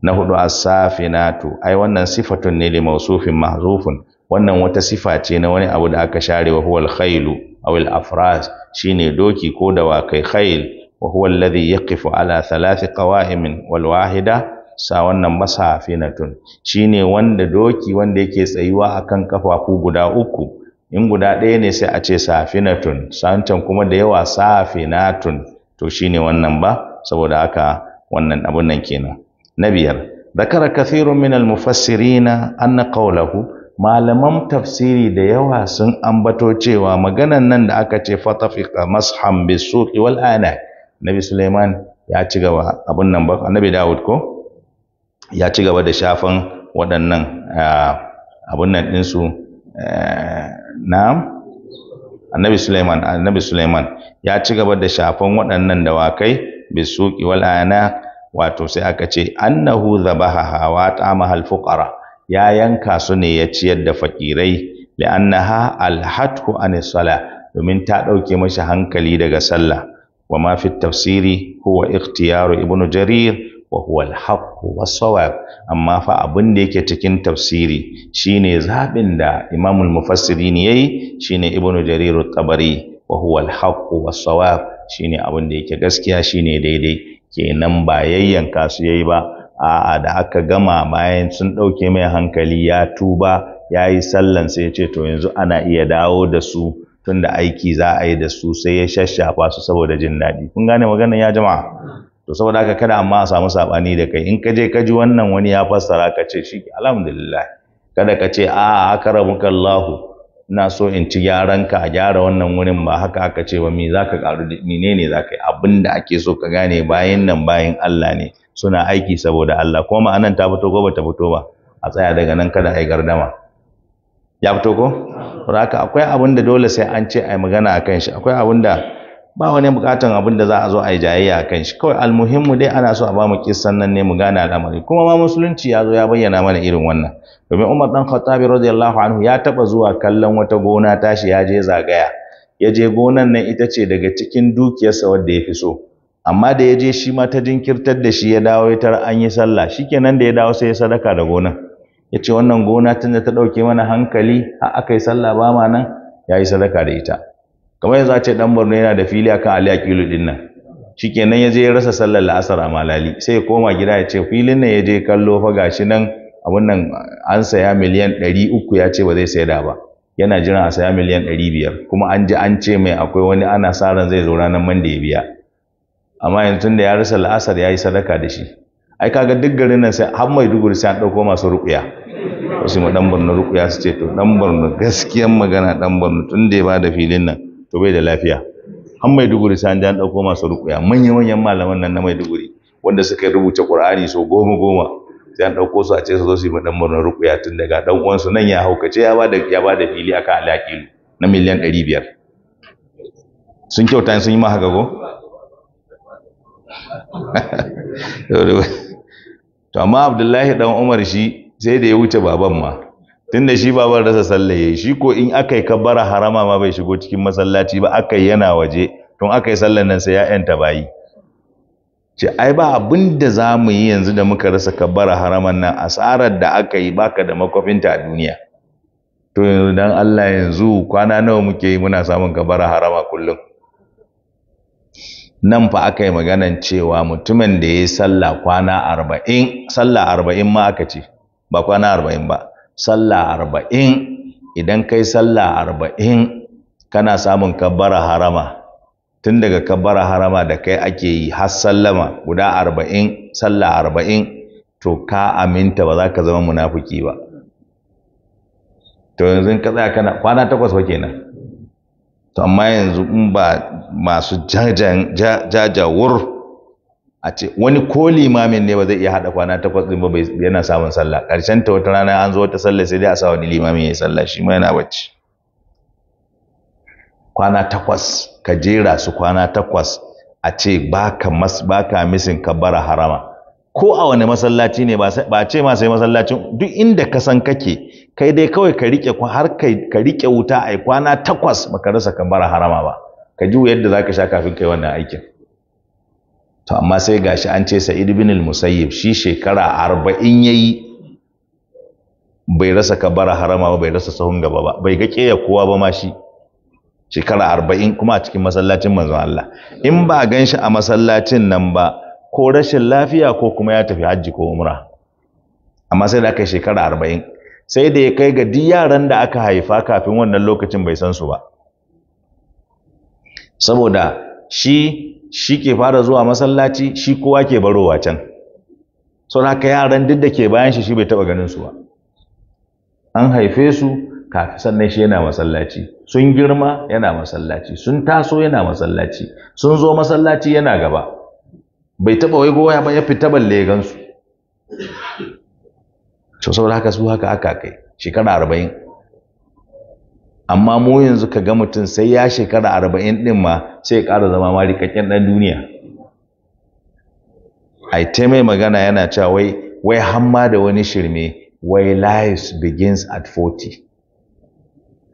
na hudu a safinatu ai wannan sifatun ne li mawsufin mahzufun wannan wata sifa ce na wani abu da aka share wa huwal khailu aw afras shine doki ko dawakai khail wa huwa alladhi yaqifu ala thalath qawa'imin wal wahida sa wannan masafinatun shine wanda doki wanda yake tsayuwa akan kafafu guda uku in guda ɗaya ne sai a ce safinatun sancan kuma da yawa safinatun to shine wannan ba saboda haka wannan abun nan kenan na biyar ذكر كثير من المفسرين أن قوله malaman tafsiri da yawa sun ambato cewa maganan nan da aka ce fatafika masham bisuki wal ana nabi suleiman ya ci gaba abun nan ba annabi daud ko ya ci gaba da shafan waɗannan abun nan ɗinsu na'am annabi suleiman annabi suleiman ya ci gaba da shafan waɗannan dawakai bisuki wal ana wato sai aka ce annahu zabaha wa ta'amahal fuqara ya yanka su ne ya ciyar da fakirai li'annaha alhatu an sala domin ta ɗauke mashi hankali daga sallah wa ma fi tafsiri huwa ikhtiyaru ibnu jarir wa huwa alhaq wa sawab amma fa abin da yake cikin tafsiri shine zabin da imamul mufassirin yayi shine ibnu jarir at-tabari wa huwa alhaq wa sawab shine abin da yake gaskiya shine daidai kenan ba yayyanka su yayi ba a'a da aka gama bayan sun ɗauke mai hankali ya tuba ya yi sallan sai ya ce to yanzu ana iya dawo da su tun aiki za a yi da su sai ya shashafa su saboda jin daɗi kun gane maganar ya jama'a to saboda haka kada amma a samu saɓani da kai in ka je ka ji wannan wani ya fassara ka ce shi alhamdulillah kada ka ce a muka Allahu ina so in ci gyaran ka a gyara wannan wurin ba haka aka ce ba me zaka karu menene zaka yi abinda ake so ka gane bayan nan bayan Allah ne suna aiki saboda Allah ko ma'anan ta fito ko bata fito ba a tsaya daga nan kada ai gardama ya fito ko haka akwai abin da dole sai an ce ai magana akan shi akwai abin da ba wani bukatan abin da za a zo ai jayayya akan shi kawai almuhimmu dai ana so a ba mu kissan nan ne mu gane al'amari kuma ma musulunci ya zo ya bayyana mana irin wannan domin Umar dan Khattabi radiyallahu anhu ya taba zuwa kallon wata gona tashi ya je zagaya ya je gonan nan ita ce daga cikin dukiyarsa wadda ya fi so amma da ya je shi ma ta jinkirtar da shi ya dawo ya tar an yi sallah shi nan da ya dawo sai ya sadaka da gonar ya ce wannan gona tun da ta ɗauke mana hankali a aka yi sallah ba ma nan ya yi sadaka da ita kamar yanzu a ce ɗan borno yana da fili akan ali kilo ɗin nan shi nan ya je ya rasa sallar la'asar a malali sai ya koma gida ya ce filin nan ya je kallo fa shi nan Abin nan an saya miliyan ɗari uku ya ce ba zai saida ba yana jiran a saya miliyan ɗari biyar kuma an ji an ce mai akwai wani ana sa ran zai zo ranar da ya biya amma yanzu da ya rasa la'asar ya yi sadaka da shi ai kaga duk garin nan sai har duguri sai an ɗauko masu ruƙuya wasu mu dan borno ruƙuya su ce to dan borno gaskiyan magana dan borno tun da ya ba da filin nan to bai da lafiya har maiduguri sai an ji an ɗauko masu ruƙuya manya manyan malaman nan na maiduguri wanda suka rubuta qur'ani so goma goma sai an ɗauko su a ce su zo su yi dan borno ruƙuya tun daga dan uwansu nan ya haukace ya ba da ya ba da fili akan alaƙilu na miliyan ɗari biyar sun kyauta sun yi ma haka ko to amma abdullahi dan umar shi sai da ya wuce baban ma tun da shi baban rasa sallaye shi ko in aka yi kabbara harama ma bai shigo cikin masallaci ba aka yi yana waje tun aka yi sallan nan sai ya yanta bayi ce ai ba abin da za mu yi yanzu da muka rasa kabbara haraman nan asarar da aka yi baka da makwafinta a duniya to yanzu dan Allah yanzu kwana nawa muke yi muna samun kabbara harama kullum nan fa aka yi maganan cewa mutumin da ya yi sallah kwana arba'in sallah arba'in ma aka ce ba kwana arba'in ba sallah arba'in idan kai sallah arba'in kana samun kabbara harama tun daga kabbara harama da kai ake yi har sallama guda arba'in sallah arba'in to ka aminta ba za ka zama munafuki ba to yanzu ka kana kwana takwas ba kenan to amma yanzu in ba masu jajawur a ce wani ko limamin ne ba zai iya haɗa kwana takwas ɗin ba yana samun sallah ƙarshen ta wata rana an zo wata sallah sai dai a sa wani limamin ya yi sallah shi ma yana bacci kwana takwas ka jera su kwana takwas a ce baka mas baka misin bara harama ko a wani masallaci ne ba ce ma sai masallacin duk inda ka san kake kai dai kawai ka rike har ka rike wuta ai kwana takwas baka rasa kambara harama ba ka ji yadda zaka sha kafin kai wannan aikin to amma sai gashi an ce Sa'id ibn al-Musayyib shi shekara 40 yayi bai rasa kabara harama ba bai rasa sahun gaba ba bai ga keya kowa ba ma shi shekara arba'in kuma a cikin masallacin manzon Allah in ba a gan a masallacin nan ba ko rashin lafiya ko kuma ya tafi hajji ko umra amma sai da aka yi shekara arba'in sai da ya kai ga duk yaran da aka haifa kafin wannan lokacin bai san su ba saboda shi shi ke fara zuwa masallaci shi kowa ke barowa can sau haka yaran duk da ke bayan shi shi bai taba ganin su ba an haife su kafin sannan shi yana masallaci sun girma yana masallaci sun taso yana masallaci sun zo masallaci yana gaba bai taba wai goya ba ya fita balle gansu to saboda haka su haka aka kai shekara arba'in amma mu yanzu ka ga mutum sai ya shekara arba'in ɗin ma sai ya ƙara zama ma rikakken ɗan duniya ai ta mai magana yana cewa wai wai hamma da wani shirme wai life begins at 40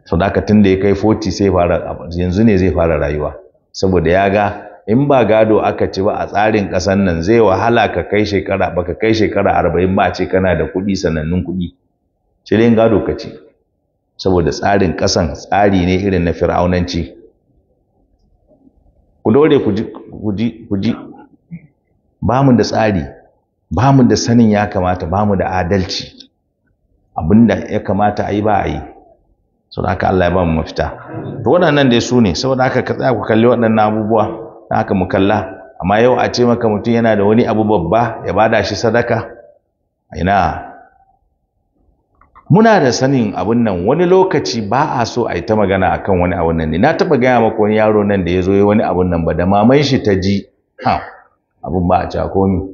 sau da tun da ya kai 40 sai fara yanzu ne zai fara rayuwa saboda ya ga in ba gado aka ci ba a tsarin ƙasar nan zai wahala ka kai shekara baka kai shekara arba'in ba ce kana da kuɗi sanannun kuɗi cilin gado ka ci saboda tsarin ƙasan tsari ne irin na fir'aunanci ku dore ku ji ku ji ba mu da tsari ba mu da sanin ya kamata ba mu da adalci abinda ya kamata a yi ba a yi saboda haka Allah ya ba mu mafita to waɗannan dai su ne saboda haka ka tsaya ku kalli waɗannan abubuwa haka mu kalla amma yau a ce maka mutum yana da wani abu babba ya bada shi sadaka ina muna da sanin abun nan wani lokaci ba a so a yi ta magana a kan wani abun nan ne na taba gaya maka wani yaro nan da ya zo wani abun nan ba da maman shi ta ji ha abun ba a ci komi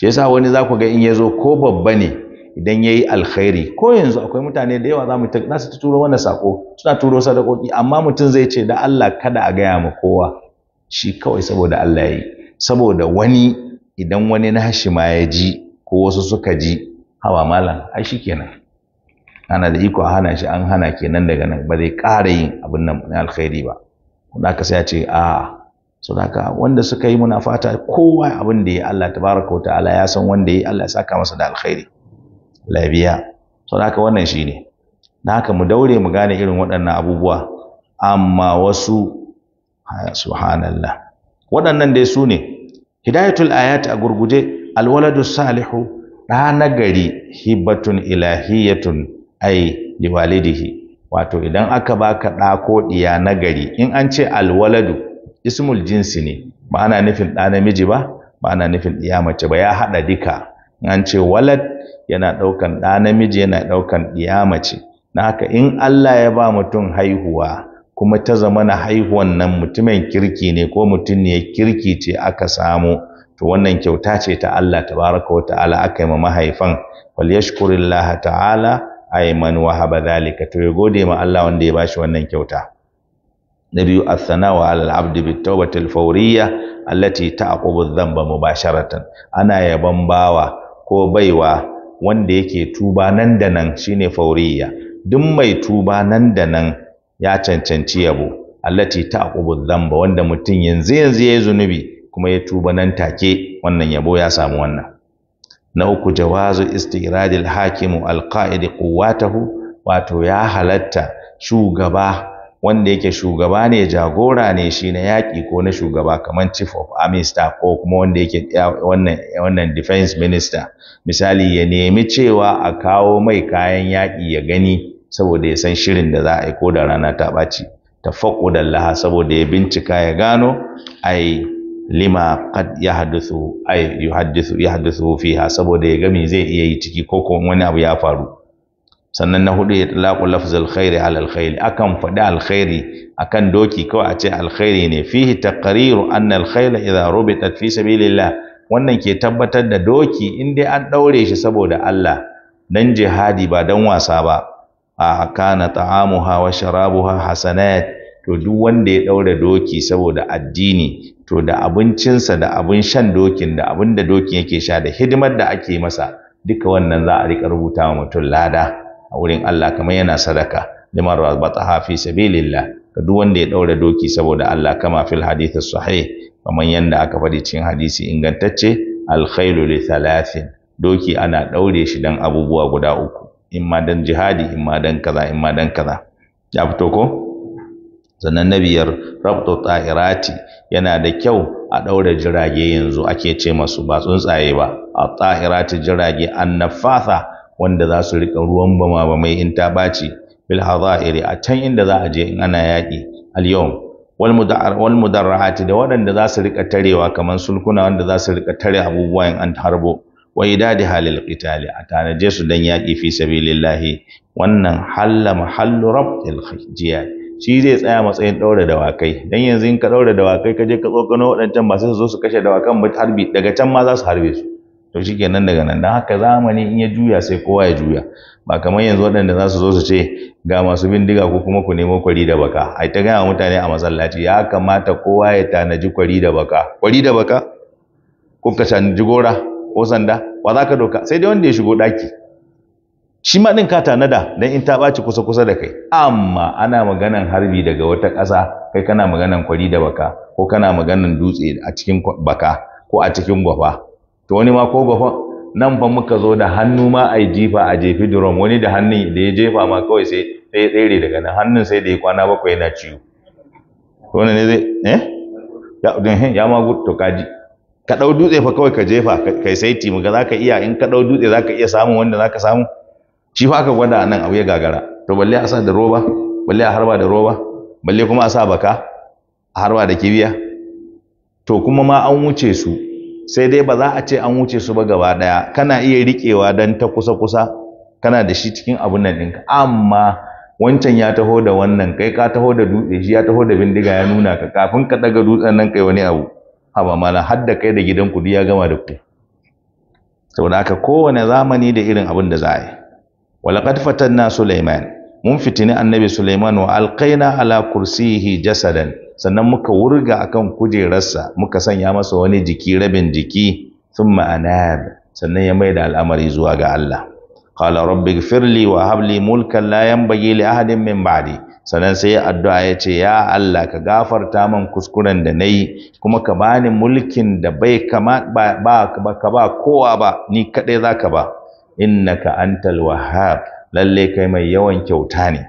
shi sa wani za ku ga in ya zo ko babba ne idan ya yi alkhairi ko yanzu akwai mutane da yawa za mu ta turo wani sako suna turo sadakoki amma mutum zai ce da Allah kada a gaya ma kowa shi kawai saboda Allah ya yi saboda wani idan wani na ma ya ji ko wasu suka ji hawa malam ai shi kenan ana da iko a hana shi an hana kenan daga nan ba zai ƙara yin abin nan na alkhairi ba kuma aka sai a ce a so haka wanda suka yi muna fata kowa abin da ya Allah tabaraka wa ta'ala ya san wanda ya Allah ya saka masa da alkhairi labiya so haka wannan shine dan haka mu daure mu gane irin waɗannan abubuwa amma wasu subhanallah waɗannan dai su ne hidayatul ayat a gurguje alwaladu salihu ɗa nagari hibatun ilahiyatun ai liwalidihi wato idan aka baka ɗa ko ɗiya nagari in an ce alwaladu ismul jinsi ne ba ana nufin ɗa namiji ba ba ana nufin ɗiya mace ba ya haɗa dika in an ce walad yana ɗaukan ɗa namiji yana ɗaukan ɗiya mace na haka in Allah ya ba mutum haihuwa kuma ta zama na haihuwan nan mutumin kirki ne ko mutum ne kirki ce aka samu to wannan kyauta ce ta Allah tabaraka wa ta'ala aka yi ma mahaifan wal yashkurillaha ta'ala ayman wa haba zalika to ya gode ma Allah wanda ya bashi wannan kyauta na biyu as sana wa al-'abd bit tawbatil fawriya allati ta'qubu adh-dhanba mubasharatan ana yaban bawa ko baiwa wanda yake tuba nan da nan shine fawriya duk mai tuba nan da nan ya cancanci yabo allati taqubu dhanba wanda mutum yanzu yanzu yayi zunubi kuma ya tuba nan take wannan yabo ya samu wannan na uku jawazu istiradil hakimu alqaid quwwatahu wato ya halatta shugaba wanda yake shugaba ne jagora ne shi na yaki ko na shugaba kamar chief of army staff ko kuma wanda yake wannan wannan defense minister misali ya nemi cewa a kawo mai kayan yaƙi ya gani saboda ya san shirin da za a yi ko da rana ta ɓaci ta da laha saboda ya bincika ya gano ai lima qad yahdathu ay yuhaddithu fiha saboda ya gami zai iya yi ciki ko kuma wani abu ya faru sannan na hudu ya talaqu lafzul khairi ala alkhairi akan faɗi alkhairi akan doki kawai a ce alkhairi ne fihi taqriru anna alkhaila idha rubitat fi sabilillah wannan ke tabbatar da doki in dai an ɗaure shi saboda Allah dan jihadi ba dan wasa ba a kana ta'amuha wa sharabuha hasanat to duk wanda ya daura doki saboda addini to da abincinsa da abin shan dokin da abin da dokin yake sha da hidimar da ake masa duka wannan za a rika rubuta wa mutum lada a wurin Allah kamar yana sadaka liman rabataha fi sabilillah ga duk wanda ya daura doki saboda Allah kama fil hadith sahih kamar yanda aka faɗi cikin hadisi ingantacce al khailu li thalathin doki ana daure shi dan abubuwa guda uku in ma dan jihadi in ma dan kaza in ma dan kaza ya fito ko sannan na biyar rabto ta'irati yana da kyau a ɗaura jirage yanzu ake ce masu ba tsuntsaye ba a ta'irati jirage an nafasa wanda za su riƙa ruwan bama ba mai in ta ɓaci bil hazairi a can inda za a je in ana yaƙi al yawm wal mudarra'ati da waɗanda za su riƙa tarewa kamar sulkuna wanda za su riƙa tare abubuwan an harbo wa idadi halil qitali a jesu dan yaƙi fi sabilillahi wannan halla mahallu rabbil jihad shi zai tsaya matsayin da dawakai dan yanzu in ka da dawakai ka je ka tsokano wadancan masu su zo su kashe wakan ba harbi daga can ma za su harbe su to shikenan daga nan dan haka zamani in ya juya sai kowa ya juya ba kamar yanzu waɗanda za su zo su ce ga masu bindiga ko kuma ku nemo kwari da baka ai ta gaya mutane a masallaci ya kamata kowa ya tanaji kwari da baka kwari da baka ko ka tanaji gora ko sanda wa za ka doka sai dai wanda ya shigo ɗaki shi ma ɗin ka tanada don in ta ɓaci kusa kusa da kai amma ana maganan harbi daga wata ƙasa kai kana maganan kwari da baka ko kana maganan dutse a cikin baka ko a cikin gwafa to wani ma ko gwafa nan fa muka zo da hannu ma a jifa a jefi durom wani da hannu da ya jefa ma kawai sai sai ya tsere daga nan hannun sai da ya kwana bakwai yana ciwo to ne zai eh ya eh, ya ma to kaji ka ɗau dutse fa kawai ka jefa kai saiti muga za iya in ka ɗau dutse za ka iya samun wanda za ka samu shi fa aka gwada nan a wuya gagara to balle a sa da roba balle a harba da roba balle kuma a sa baka a harba da kibiya to kuma ma an wuce su sai dai ba za a ce an wuce su ba gaba ɗaya kana iya riƙewa don ta kusa-kusa kana da shi cikin abun nan ɗinka amma wancan ya taho da wannan kai ka taho da dutse shi ya taho da bindiga ya nuna ka kafin ka ɗaga dutsen nan kai wani abu haba har da kai da gidan kudi ya gama da ku saboda haka kowane zamani da irin abin da za a yi walaqad fatanna sulaiman mun fitini annabi sulaiman wa alqaina ala kursihi jasadan sannan muka wurga akan kujerarsa muka sanya masa wani jiki rabin jiki sun anab sannan ya mai da al'amari zuwa ga Allah qala rabbi wa habli mulkan la yanbaghi li ahadin min ba'di sannan sai ya addu'a ya ce ya Allah ka gafarta min kuskuren da na yi kuma ka bani mulkin da bai kama ba ba ka ba kowa ba ni kadai ka ba innaka antal wahhab lalle kai mai yawan kyauta ne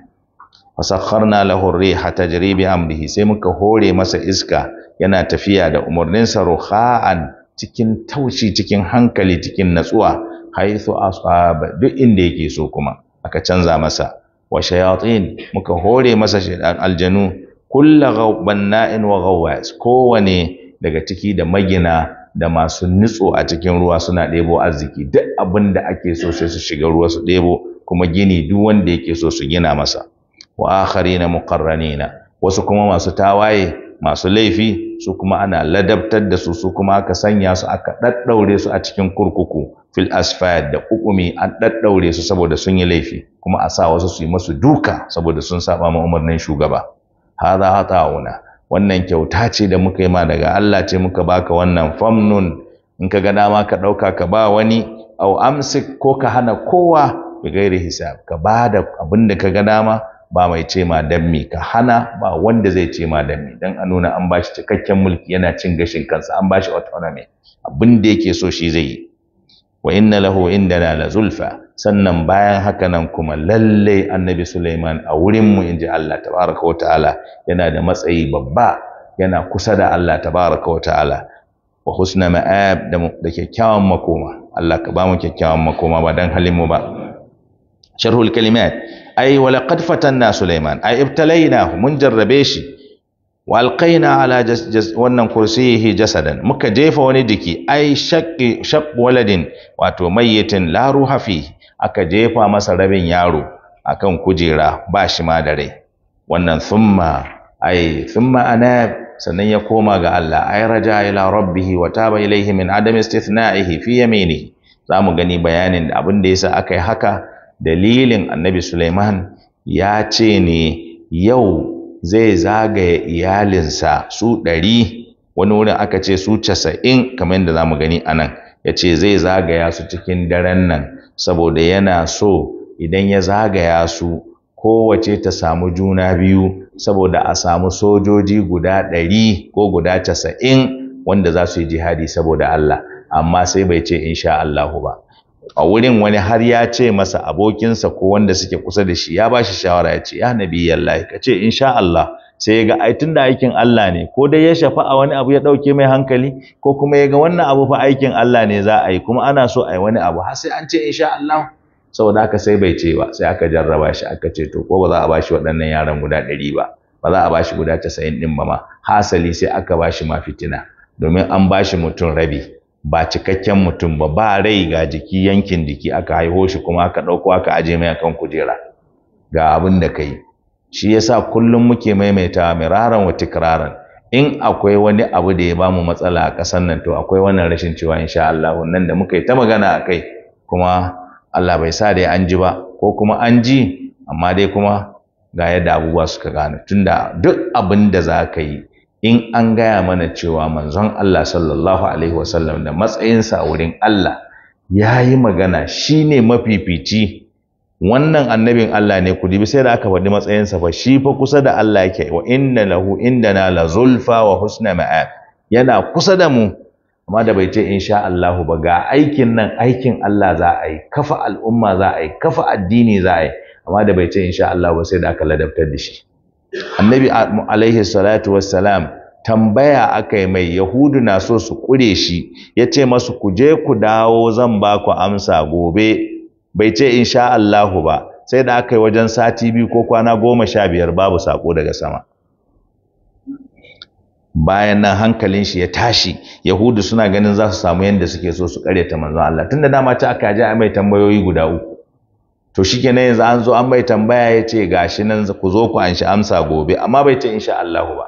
wasakharna lahu riha tajri bi amrihi sai muka hore masa iska yana tafiya da sa ruha'an cikin taushi cikin hankali cikin natsuwa haythu asaba duk inda yake so kuma aka canza masa wa shayatin muka hore masa aljanu kulla banna'in wa ghawwas kowane daga ciki da magina da masu nitso a cikin ruwa suna ɗebo arziki duk abin da ake so sai su shiga ruwa su ɗebo kuma gini duk wanda yake so su gina masa wa akharina muqarranina wasu kuma masu tawaye masu laifi su kuma ana ladabtar da su su kuma aka sanya su aka ɗaɗɗaure su a cikin kurkuku fil asfayad da ƙuƙumi an ɗaɗɗaure su saboda sun yi laifi kuma a sa wasu su yi masu duka saboda sun saba ma umarnin shugaba hadha hata'una wannan kyauta ce da muka yi ma daga Allah ce muka baka wannan famnun in ka ga dama ka ɗauka ka ba wani au amsik ko ka hana kowa bi gairi hisab ka ba da abin da ka ga dama ba mai ce ma dan me ka hana ba wanda zai ce ma dan me dan a nuna an bashi cikakken mulki yana cin gashin kansa an bashi autonomy abin da yake so shi zai yi wa inna lahu indana la zulfa sannan bayan haka nan kuma lalle annabi Suleiman a wurin mu inji Allah tabaraka wa ta'ala yana da matsayi babba yana kusa da Allah tabaraka wa ta'ala wa husna ma'ab da kyakkyawan makoma Allah ka ba mu kyakkyawan makoma ba dan halin mu ba sharhul kalimat ai walaqad fatanna sulaiman ai ibtalainahu mun jarrabe shi wa alqaina ala wannan kursiyihi jasadan muka jefa wani jiki ai shaqqi shaq waladin wato mayyitin la ruha fi aka jefa masa rabin yaro akan kujera ba shi ma da rai wannan thumma ai thumma ana sannan ya koma ga Allah ai raja ila rabbihi wa taba ilaihi min adam istithna'ihi fi yaminihi zamu gani bayanin abin da yasa aka yi haka dalilin annabi Suleiman ya ce ne yau zai zagaya iyalinsa su ɗari wani wurin aka ce su casa'in kamar yadda za mu gani a nan ya ce zai zagaya su cikin daren nan saboda yana so idan ya zagaya su kowace ta samu juna biyu saboda a samu sojoji guda ɗari ko guda casa'in wanda za su yi jihadi saboda Allah amma sai bai ce in sha Allahu ba a wurin wani har ya ce masa abokinsa ko wanda suke kusa da shi ya ba shi shawara ya ce ya nabi yallahi ka ce insha Allah sai ya ga ai tunda aikin Allah ne ko dai ya shafa a wani abu ya ɗauke mai hankali ko kuma ya ga wannan abu fa aikin Allah ne za a yi kuma ana so a yi wani abu har sai an ce insha Allah saboda haka sai bai ce ba sai aka jarraba shi aka ce to ko ba za a bashi waɗannan yaran guda ɗari ba ba za a bashi guda casa'in ɗin ba ma hasali sai aka bashi ma fitina domin an ba shi mutum rabi ba cikakken mutum ba ba rai ga jiki yankin jiki aka haiho shi kuma aka ɗauko aka aje mai kan kujera ga abin da kai shi yasa kullum muke maimaita miraran wa tikraran in akwai wani abu da ya bamu matsala a ƙasar nan to akwai wannan rashin cewa insha Allah nan da muka yi ta magana a kai kuma Allah bai sa dai an ji ba ko kuma an ji amma dai kuma ga yadda abubuwa suka gane tunda duk abin da za ka yi in an gaya mana cewa manzon Allah sallallahu alaihi wasallam da matsayinsa a wurin Allah ya yi magana shi ne mafifici wannan annabin Allah ne ku dibi sai da aka faɗi matsayinsa fa shi fa kusa da Allah yake wa inna lahu na la zulfa wa husna ma'ab yana kusa da mu amma da bai ce insha Allah ba ga aikin nan aikin Allah za a yi kafa al'umma za a yi kafa addini za a yi amma da bai ce insha Allah ba sai da aka ladabtar da shi annabi alaihi salatu wassalam tambaya aka yi mai yahudu na so su kure shi ya ce masu ku je ku dawo zan ba ku amsa gobe bai ce in sha Allahu ba sai da aka yi wajen sati biyu ko kwana goma sha biyar babu sako daga sama bayan nan hankalin shi ya tashi yahudu suna ganin za su samu yadda suke so su ta manzon Allah tunda dama ta aka ji a mai tambayoyi guda uku to shi shikenan yanzu an zo an bai tambaya ya ce ga shi nan ku zo ku anshi amsa gobe amma bai ce insha Allahu ba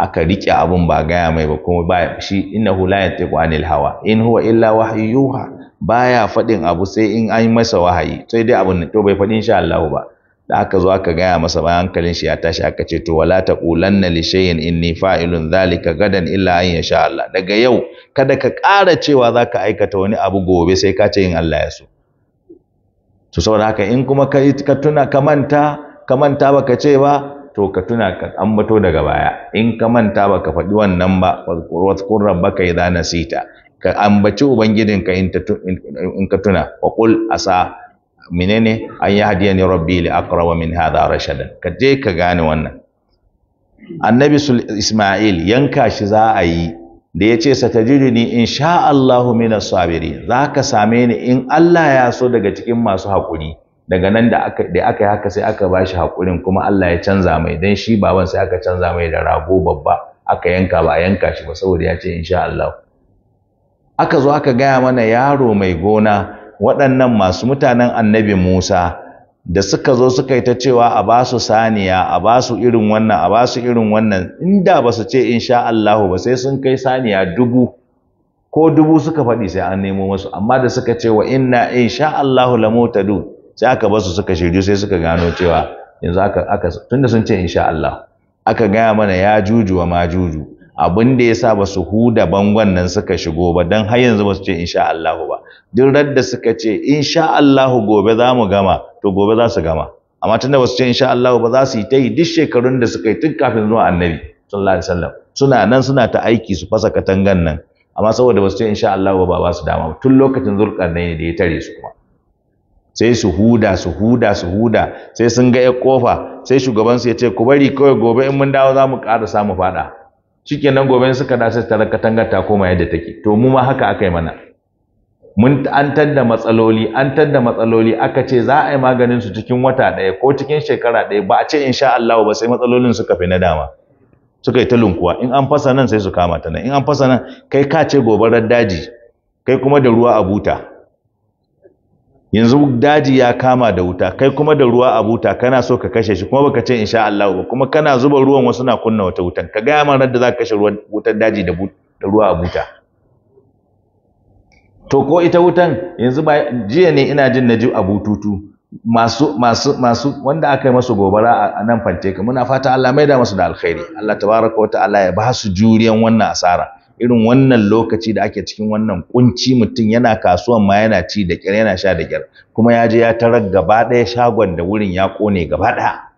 aka rike abun ba gaya mai ba kuma ba shi innahu la yantiqu anil hawa in huwa illa wahyu yuha baya faɗin abu sai in an masa wahayi sai dai abun to bai faɗi insha Allahu ba da aka zo aka gaya masa bayan hankalin shi ya tashi aka ce to wala ta taqulanna li shay'in inni fa'ilun dhalika gadan illa an yasha Allah daga yau kada ka ƙara cewa zaka aikata wani abu gobe sai ka ce in Allah ya so to saboda haka in kuma ka tuna ka manta ka manta baka ce ba to ka tuna ka ambato daga baya in ka manta baka faɗi wannan ba wadhkur rabbaka idza nasita ka ambaci ka in ka tuna wa qul asa menene an yi yahdiyani rabbi li aqrawa min hadha rashadan ka je ka gane wannan annabi isma'il yanka shi za a yi da ya ce satajiduni in sha Allahu mina sabiri za ka same ni in Allah ya so daga cikin masu haƙuri daga nan da aka yi haka sai aka ba shi haƙurin kuma Allah ya canza mai don shi baban sai aka canza mai da rago babba aka yanka ba a yanka shi ba saboda ya ce in sha Allah aka zo aka gaya mana yaro mai gona waɗannan masu mutanen annabi Musa da suka zo suka yi ta cewa a ba su saniya a ba su irin wannan a ba su irin wannan inda ba su ce insha Allah ba sai sun kai saniya dubu ko dubu suka faɗi sai an nemo masu amma da suka ce wa inna insha Allah la mutadu sai aka ba su suka shirju sai suka gano cewa yanzu aka aka tunda sun ce insha Allah aka gaya mana ya juju wa ma juju abin da yasa ba su huda bangon nan suka shigo ba dan har yanzu ba su ce insha Allah ba duk radda suka ce insha Allah gobe za mu gama to gobe za su gama amma tunda ba su ce insha Allah ba za su yi ta yi duk shekarun da suka yi tun kafin zuwa annabi sallallahu alaihi wasallam suna nan suna ta aiki su fasa katangan nan amma saboda ba ce insha Allah ba ba su dama tun lokacin ne da ya tare su kuma sai su huda su huda su huda sai sun ga yar kofa sai shugaban su ya ce ku bari kawai gobe in mun dawo za mu ƙara samu fada shikenan gobe suka da sai ta katangar ta koma yadda take to mu ma haka aka yi mana mun an tadda matsaloli an tadda matsaloli aka ce za a yi maganin su cikin wata daya ko cikin shekara ɗaya ba a ce insha Allah ba sai matsalolin suka fi na dama suka yi ta lunkuwa in an fasa nan sai su kama ta nan in an fasa nan kai ka ce gobarar daji kai kuma da ruwa a buta yanzu daji ya kama da wuta kai kuma da ruwa a buta kana so ka kashe shi kuma baka ce insha Allah ba kuma kana zuba ruwan wasu na kunna wata wutan ka ga man da za ka kashe ruwan wutar daji da ruwa a buta to ko ita wutan yanzu ba jiya ne ina jin naji a bututu masu masu masu wanda aka yi masu gobara a nan fante fanteka muna fata Allah mai da masu da alkhairi Allah tabaraka wa ta'ala ya ba su juriyan wannan asara irin wannan lokaci da ake cikin wannan kunci mutum yana kasuwan ma yana ci da kyar yana sha da kyar kuma ya je ya tarar gaba ɗaya shagon da wurin ya kone gaba ɗaya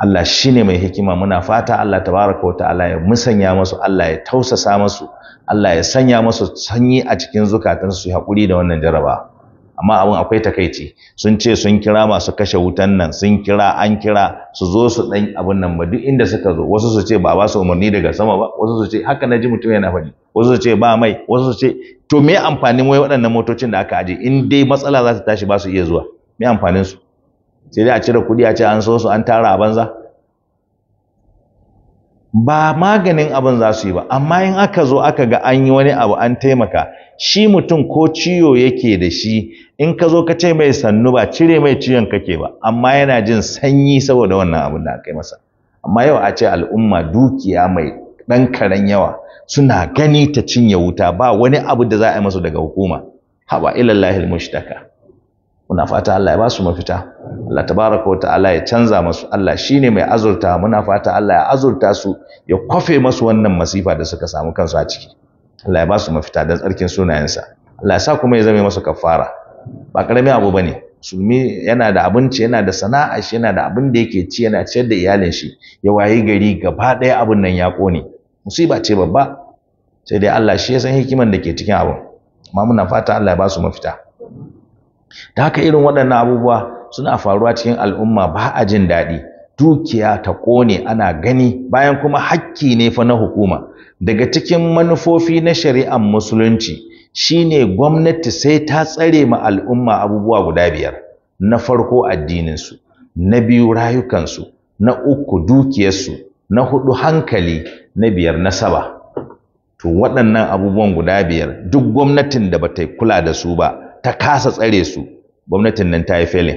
Allah shi ne mai hikima muna fata Allah tabaraka wa ta'ala ya musanya masu Allah ya tausasa masu Allah ya sanya masu sanyi a cikin zukatan su haƙuri da wannan jaraba amma abin akwai takaici sun ce sun kira masu kashe wutan nan sun kira an kira su zo su ɗan abin nan ba duk inda suka zo wasu su ce ba ba su umarni daga sama ba wasu su ce haka na ji mutum yana faɗi wasu su ce ba mai wasu su ce to me amfanin wai waɗannan motocin da aka aje in dai matsala za ta tashi ba su iya zuwa me amfanin su sai dai a cire kuɗi a ce an so su an tara a banza ba maganin abin za su yi ba amma in aka zo aka ga an yi wani abu an taimaka shi mutum ko ciwo yake da shi in ka zo ka ce mai sannu ba cire mai ciwon kake ba amma yana jin sanyi saboda wannan abin da aka yi masa amma yau a ce al'umma dukiya mai ɗan karen yawa suna gani ta cinye wuta ba wani abu da za a yi masu daga hukuma haba ilallahi mushtaka muna fata Allah ya ba su mafita Allah tabaraka ta'ala ya canza masu Allah shine mai azurta muna fata Allah ya azurta su ya kwafe masu wannan masifa da suka samu kansu a ciki Allah ya ba su mafita dan tsarkin sunayensa Allah ya sa kuma ya zame masa kafara ba karamin abu bane musulmi yana da abinci yana da sana'a shi yana da abin da yake ci yana ciyar da iyalin shi ya waye gari gaba ɗaya abin nan ya kone musiba ce babba sai dai Allah shi ya san hikiman da ke cikin abin amma muna fata Allah ya ba su mafita da haka irin waɗannan abubuwa suna faruwa cikin al'umma ba a jin daɗi dukiya ta ƙone ana gani bayan kuma hakki ne fa na hukuma daga cikin manufofi na shari'ar musulunci shine gwamnati sai ta tsare ma al'umma abubuwa guda biyar na farko addininsu na biyu rayukansu na uku dukiyarsu na hudu hankali na biyar nasaba to waɗannan abubuwan guda biyar duk gwamnatin da bata kula da su ba ta kasa tsare su gwamnatin nan ta yi felin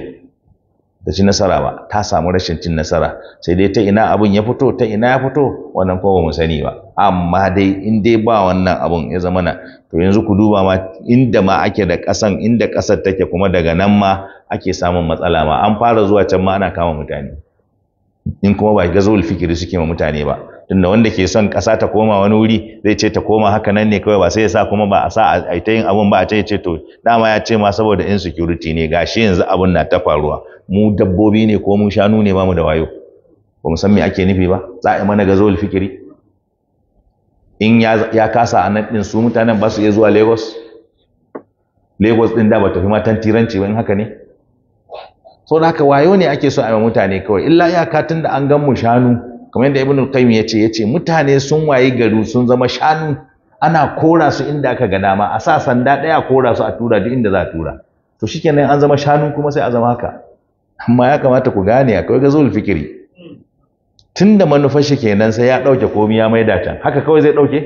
da ci nasara ba ta samu rashin cin nasara sai dai ta ina abin ya fito ta ina ya fito wannan kuma mu sani ba amma dai in dai ba wannan abun ya zama na to yanzu ku duba ma inda ma ake da ƙasan inda ƙasar take kuma daga nan ma ake samun matsala ma an fara zuwa can ma ana kama mutane in kuma ba gazawul fikiri suke ma mutane ba tunda wanda ke son ƙasa ta koma wani wuri zai ce ta koma haka nan ne kawai ba sai ya sa kuma ba a sa a ta yin abun ba a ce ce to dama ya ce ma saboda insecurity ne gashi yanzu abun na ta faruwa mu dabbobi ne ko mu shanu ne ba mu da wayo ba mu san me ake nufi ba za a yi mana gazo fikiri in ya kasa a nan din su mutanen ba su iya zuwa Lagos Lagos din da ba tafi ma tantiranci ba in haka ne so da haka wayo ne ake so a yi mutane kawai illa iyaka tun da an gan mu shanu kamar yadda ibnu qayyim yace yace mutane sun wayi garu sun zama shanu ana kora su inda aka ga dama a sa sanda daya kora su a tura duk inda za a tura to shikenan an zama shanu kuma sai a zama haka amma ya kamata ku gane akwai gazul fikiri tunda manufar shi kenan sai ya dauke komai ya maida can haka kawai zai dauke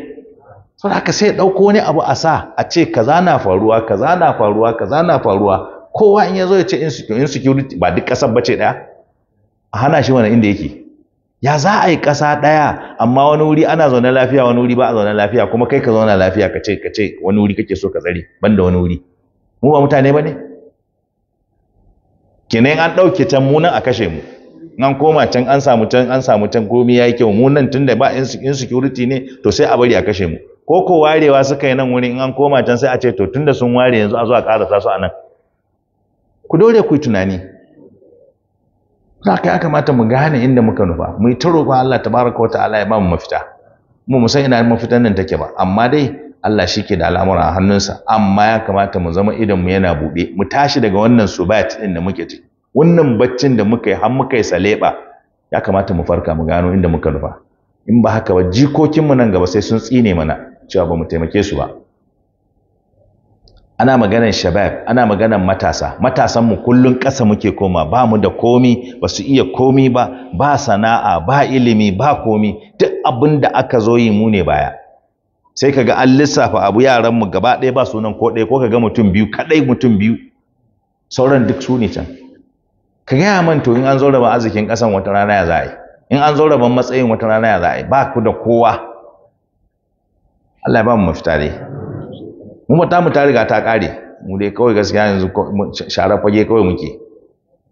saboda haka sai dauko wani abu a sa a ce kaza na faruwa kaza na faruwa kaza na faruwa kowa in ya zo ya ce insecurity ba duk kasar bace daya a hana shi wannan inda yake ya za a yi ƙasa ɗaya amma wani wuri ana zaune lafiya wani wuri ba a zaune lafiya kuma kai ka zauna lafiya ka ce ka ce wani wuri kake so ka tsare da wani wuri mu ba mutane ba ne kenan an ɗauke can mu nan a kashe mu an koma can an samu can an samu can komi ya yi kyau mu nan da ba insecurity ne to sai a bari a kashe mu ko ko warewa suka yi nan wurin in an koma can sai a ce to tunda sun ware yanzu a zo a ƙarasa su a nan ku dole ku yi tunani haka ya kamata mu gane inda muka nufa mu yi ta Allah tabaraka wa ta'ala ya ba mu mafita mu mu san ina mafitan nan take ba amma dai Allah shi ke da al'amura a hannunsa amma ya kamata mu zama idan mu yana buɗe mu tashi daga wannan subat din da muke ciki wannan baccin da muka yi har muka yi saleba ya kamata mu farka mu gano inda muka nufa in ba haka ba jikokin mu nan gaba sai sun tsine mana cewa ba mu taimake su ba ana maganan shabab ana maganan matasa matasan mu kullun ƙasa muke koma ba mu da komi ba su iya komi ba ba sana'a ba ilimi ba komi duk abin da aka zo yi mu ne baya sai kaga an lissafa abu yaran mu gaba ɗaya ba sunan ko ɗaya ko kaga mutum biyu kaɗai mutum biyu sauran duk su ne can ka gaya ya to in an zo raba arzikin ƙasan wata rana ya za in an zo raba matsayin wata rana ya za ba ku da kowa Allah ya ba mu mafita dai mu ba mu ta riga ta kare mu dai kawai gaskiya yanzu share fage kawai muke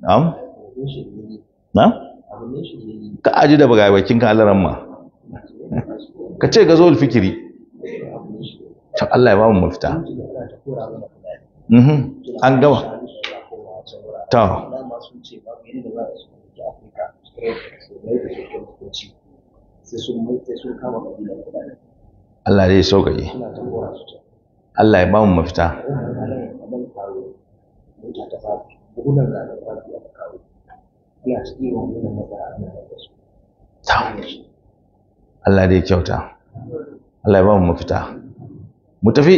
na'am na ka aji da bagabakin ka Allah ma ka ce ga zo fikiri to Allah ya ba mu mafita mhm an gama ta. Allah zai sauƙaƙe. Allah ya bamu mu mafita Allah dai kyauta Allah ya bamu mu mafita mu tafi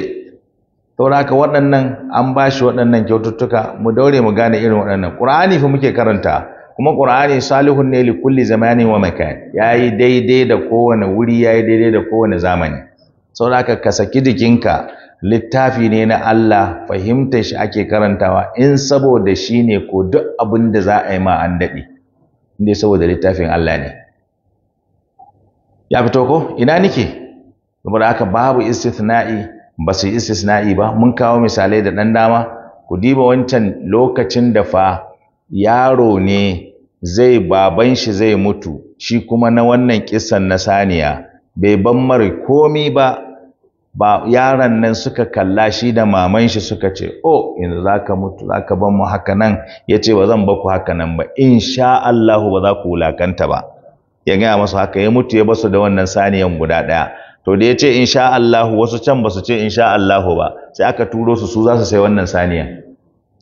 saboda haka waɗannan an ba shi waɗannan kyaututtuka mu daure mu gane irin waɗannan ƙur'ani fa muke karanta kuma ƙur'ani salihun ne li kulli zamani wa makan yayi daidai da kowane wuri yayi daidai da kowane zamani saboda haka ka saki jikinka littafi ne na Allah fahimtar shi ake karantawa in saboda shi ne ko duk abin da za a yi ma an daɗe inda saboda littafin Allah ne ya fito ko ina nike saboda haka babu istithna'i ba su istisna'i ba mun kawo misalai da ɗan dama ku diba wancan lokacin da fa yaro ne zai baban shi zai mutu shi kuma na wannan kisan na saniya bai ban mara komi ba ba yaran nan suka kalla shi da maman shi suka ce oh yanzu zaka mutu zaka ban mu haka nan yace ba zan baku haka nan ba insha Allah ba za ku wulakanta ba ya gaya masa haka ya mutu ya basu da wannan saniyan guda ɗaya. to da yace insha Allah wasu can ba su ce insha Allah ba sai aka turo su su za su sai wannan saniya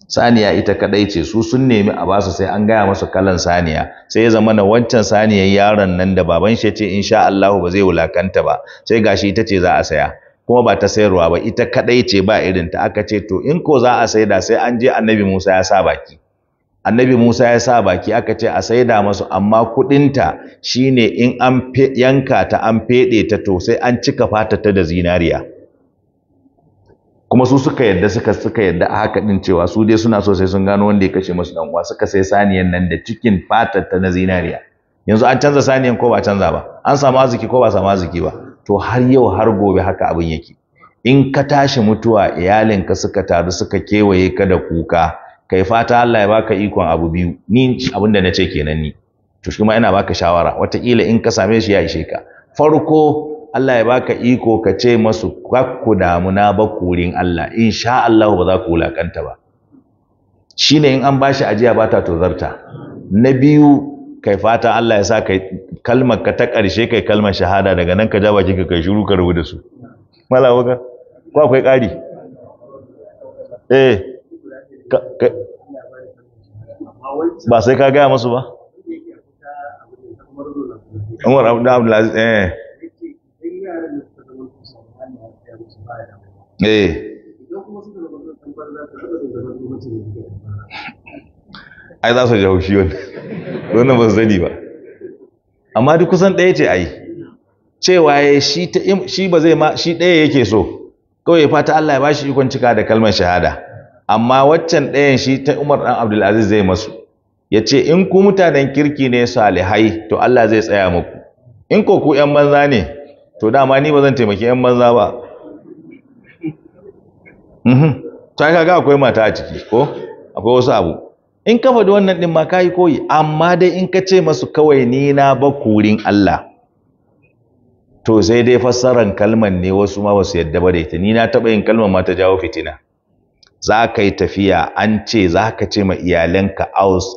saniya ita kadai ce su sun nemi a basu sai an gaya masa kalan saniya sai ya zama na wancan saniyan yaron nan da baban shi ya ce insha Allah ba zai wulakanta ba sai gashi ita ce za a saya kuma ba ta sayarwa ba ita kadai ce ba irin ta aka ce to in ko za a saida sai an je annabi Musa ya sa baki annabi Musa ya sa baki aka ce a saida masu amma kudinta shine in an yanka ta an fede ta to sai an cika fata ta da zinariya kuma su suka yadda suka suka yadda a haka din cewa su dai suna so sai sun gano wanda ya kashe musu dan uwa suka sai saniyan nan da cikin fatar ta na zinariya yanzu an canza saniyan ko ba canza ba an samu arziki ko ba samu arziki ba to har yau har gobe haka abin yake in ka tashi mutuwa iyalinka suka taru suka kewaye ka da kuka kai fata Allah ya baka ikon abu biyu ni abin da nace kenan ni to shi ma ina baka shawara wataƙila in ka same shi ya ishe ka farko Allah ya baka iko ka ce masu kakku damu na bakurin Allah insha Allah ba za ku wulakanta ba shine in an bashi ajiya ba ta tozarta na biyu kai fata Allah ya sa kai kalmar ka ta ƙarshe kai kalmar shahada daga nan ka ja bakin ka kai shiru ka rubu da su mala waka ko akwai ƙari eh ba sai ka gaya musu ba Umar Aziz eh eh ai za su ji haushi wani. wani ba su zani ba amma duk kusan ɗaya ce ai cewa ya shi ta shi ba zai ma shi ɗaya yake so kawai ya fata Allah ya bashi ikon cika da kalmar shahada amma waccan ɗayan shi ta Umar dan Abdul Aziz zai masu ya ce in ku mutanen kirki ne salihai to Allah zai tsaya muku in ko ku ƴan banza ne to dama ni ba zan taimaki ƴan banza ba mhm ta kaga akwai mata a ciki ko akwai wasu abu in ka faɗi wannan ɗin ma ka yi koyi amma dai in ka ce masu kawai ni na ba kurin Allah to sai dai fassaran kalman ne wasu ma wasu yadda ba da ita ni na taɓa yin kalman ma ta jawo fitina za ka yi tafiya an ce za ka ce ma iyalanka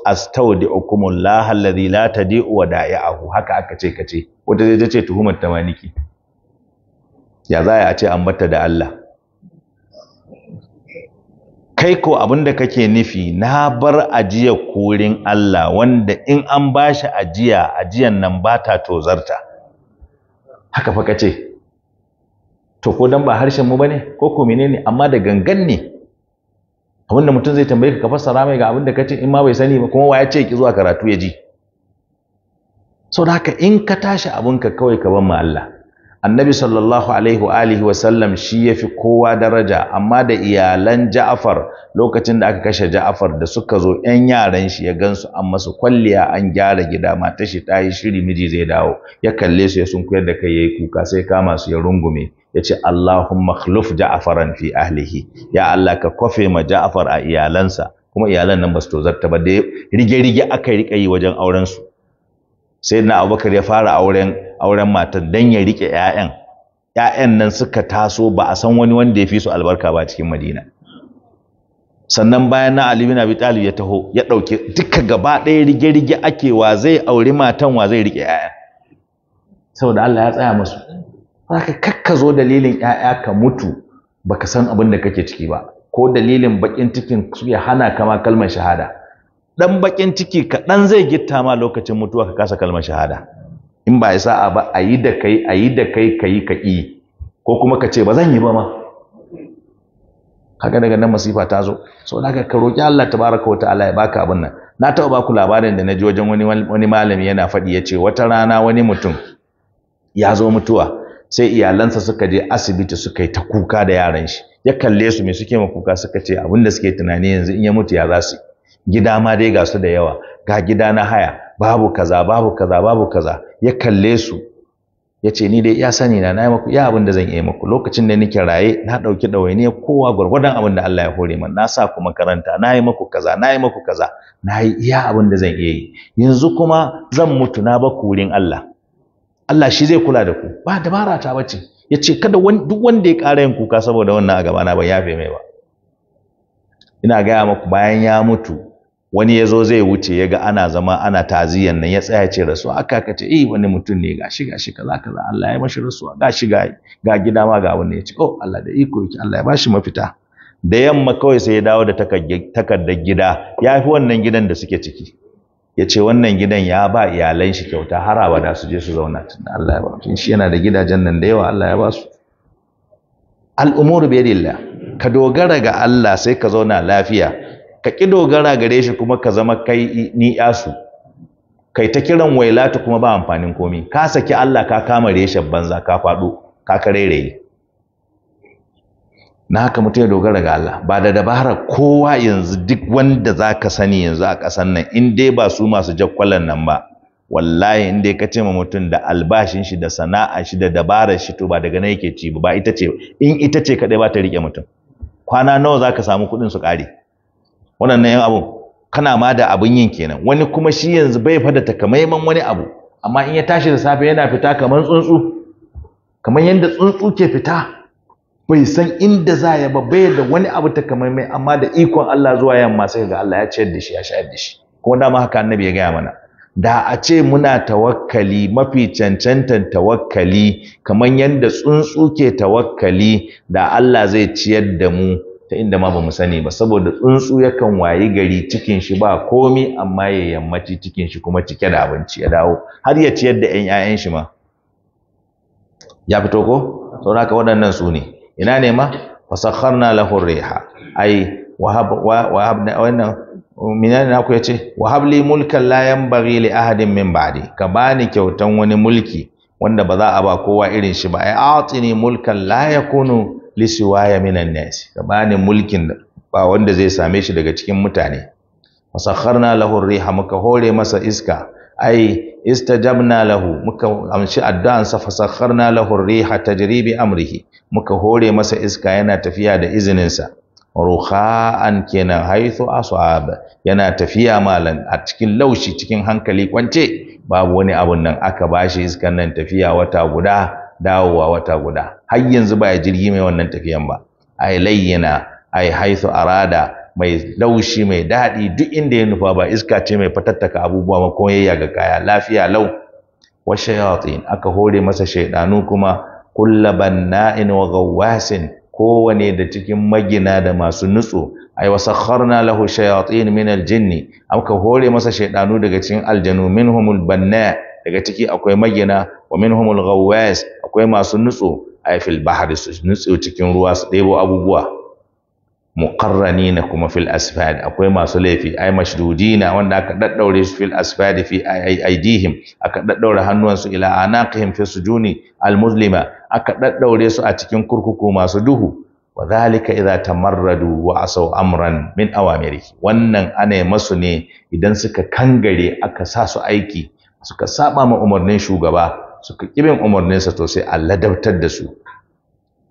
astaudi ukumun lahallazi la tadi'u wa ahu, haka aka ce ka ce wata zai ce tuhumar tamaniki ya za a ce an bata da Allah kai ko abin da kake nufi na bar ajiya kurin Allah wanda in an ba shi ajiya ajiyan nan ba ta tozarta haka fa kace to ko dan ba harshen mu bane ko ko menene amma da gangan ne abin da mutum zai tambaye ka ka fassara mai ga abin da kace in ma bai sani ba kuma wa ya ce ki zuwa karatu ya ji so haka in ka tashi abinka kawai ka bar mu Allah annabi sallallahu alaihi wa alihi wa sallam shi yafi kowa daraja amma da iyalan Ja'far lokacin da aka kashe Ja'far da suka zo 'yan yaran shi ya gansu an masu kwalliya an gyara gida matar shi ta yi shiri miji zai dawo ya kalle su ya sunkuyar da kai yayi kuka sai kama su ya rungume ya ce Allahumma khluf Ja'faran fi ahlihi ya Allah ka kwafe ma Ja'far a iyalansa kuma iyalan nan ba su tozarta ba da rige-rige aka riƙa yi wajen auren su sai na abubakar ya fara auren auren matan dan ya rike 'ya'yan ‘ya'yan nan suka taso ba a san wani wanda ya fi su albarka ba cikin madina sannan bayan na ali bin abi talib ya taho ya ɗauke duka gaba ɗaya rige-rige ake wa zai auri matan wa zai rike ‘ya'yan saboda Allah ya tsaya musu haka kakka zo dalilin ‘ya'ya ka mutu baka san abin da kake ciki ba ko dalilin bakin cikin su ya hana kama kalmar shahada dan bakin ciki kaɗan zai gitta ma lokacin mutuwa ka kasa kalmar shahada in ba ya sa'a ba a da kai a yi da kai ka yi ka yi ko kuma ka ce ba zan yi ba ma haka daga nan masifa ta zo so da ka roƙi Allah tabaraka wa ta'ala ya baka abin nan na taba baku labarin da na ji wajen wani wani malami yana faɗi ya ce wata rana wani mutum ya zo mutuwa sai iyalansa suka je asibiti suka yi ta kuka da yaran shi ya kalle su me suke ma kuka suka ce abin da suke tunani yanzu in ya mutu ya za su yi gida ma dai ga su da yawa ga gida na haya babu kaza babu kaza babu kaza ya kalle su ya ce ni dai ya sani na na yi maku ya abin da zan yi maku lokacin da nake raye na ɗauki ɗawainiyar kowa gwargwadon abin da Allah ya hore min na sa ku makaranta na yi maku kaza na yi maku kaza na yi iya abin da zan iya yi yanzu kuma zan mutu na ba ku Allah Allah shi zai kula da ku ba dabara ta bace ya ce kada duk wanda ya ƙara yin kuka saboda wannan a gabana ba yafe mai ba ina gaya maku bayan ya mutu wani ya zo zai wuce ya ga ana zama ana taziyan nan ya tsaya ce rasuwa aka ka ce eh wani mutum ne ga shiga shi kaza kaza Allah ya mashi rasuwa ga ga ga gida ma ga wani ya ce oh Allah da iko yake Allah ya bashi mafita da yamma kawai sai ya dawo da takardar gida ya fi wannan gidan da suke ciki ya ce wannan gidan ya ba iyalan shi kyauta har abada su je su zauna tun Allah ya ba shi yana da gidajen nan da yawa Allah ya ba su al'umuru biyadillah ka dogara ga Allah sai ka zauna lafiya ka ƙi dogara gare shi kuma ka zama kai ni yasu kai ta kiran wailatu kuma ba amfanin komi ka saki Allah ka kama reshen banza ka faɗo ka kareraye na haka mutum ya dogara ga Allah ba da dabara kowa yanzu duk wanda za ka sani yanzu a ƙasar nan in dai ba su masu jakwalan nan ba wallahi in dai ka ce ma mutum da albashin shi da sana'a shi da dabarar shi to ba daga nan yake ci ba ita ce in ita ce kaɗai ba ta riƙe mutum kwana nawa za ka samu kuɗin su ƙare wannan yan abu kana ma da abin yin kenan wani kuma shi yanzu bai fada takamaiman wani abu amma in ya tashi da safe yana fita kamar tsuntsu kamar yadda tsuntsu ke fita bai san inda za ya ba bai da wani abu takamaiman. amma da ikon Allah zuwa yamma sai ga Allah ya ciyar da shi ya shayar da shi kuma dama haka annabi ya gaya mana da a ce muna tawakkali mafi cancantan tawakkali kamar yadda tsuntsu ke tawakkali da Allah zai ciyar da mu ta inda ma bamu sani ba saboda tsuntsu yakan wayi gari cikin shi ba komi amma ya yammaci cikin shi kuma cike da abinci ya dawo har ya ciyar da ƴan ƴaƴan shi ma ya fito ko to haka waɗannan su ne ina ne ma fasakharna lahu riha ai wahab na wannan minani naku yace wahabli mulkan la yanbaghi li ahadin min ba'di ka bani kyautan wani mulki wanda ba za a ba kowa irin shi ba ai atini mulkan la yakunu lisiwaya minan nasi gabanin mulkin ba wanda zai same shi daga cikin mutane wasakharna lahu riha muka hore masa iska ai istajabna lahu muka amshi addu'an sa fasakharna lahu riha tajribi amrihi muka hore masa iska yana tafiya da izinin sa ruha'an kenan haythu asab yana tafiya malan a cikin laushi cikin hankali kwance babu wani abun nan aka bashi iskan nan tafiya wata guda dawowa wata guda har yanzu ba ya jirgi mai wannan tafiyan ba ai layyana ai haithu arada mai laushi mai daɗi duk inda ya nufa ba iska ce mai fatattaka abubuwa ba ko yayya ga kaya lafiya lau wa shayatin aka hore masa shaidanu kuma kullu banna'in wa ghawasin kowane da cikin magina da masu nutso ai wasakharna lahu shayatin min aljinni aka hore masa shaidanu daga cikin aljanu minhumul banna daga ciki akwai magina wa humul ghawwas akwai masu nutso ay fil bahri su nutso cikin ruwa su ɗebo abubuwa muqarranina kuma fil asfad akwai masu laifi ay mashdudina wanda aka daddaure su fil asfad fi aidihim aka daddaure hannuwansu ila anaqihim fi sujuni al muslima aka daddaure su a cikin kurkuku masu duhu wa zalika idza tamarradu wa asaw amran min awamiri wannan ana masu ne idan suka kangare aka sa su aiki suka saba ma umarnin shugaba suka kibin umarninsa to sai Allah dabtar da su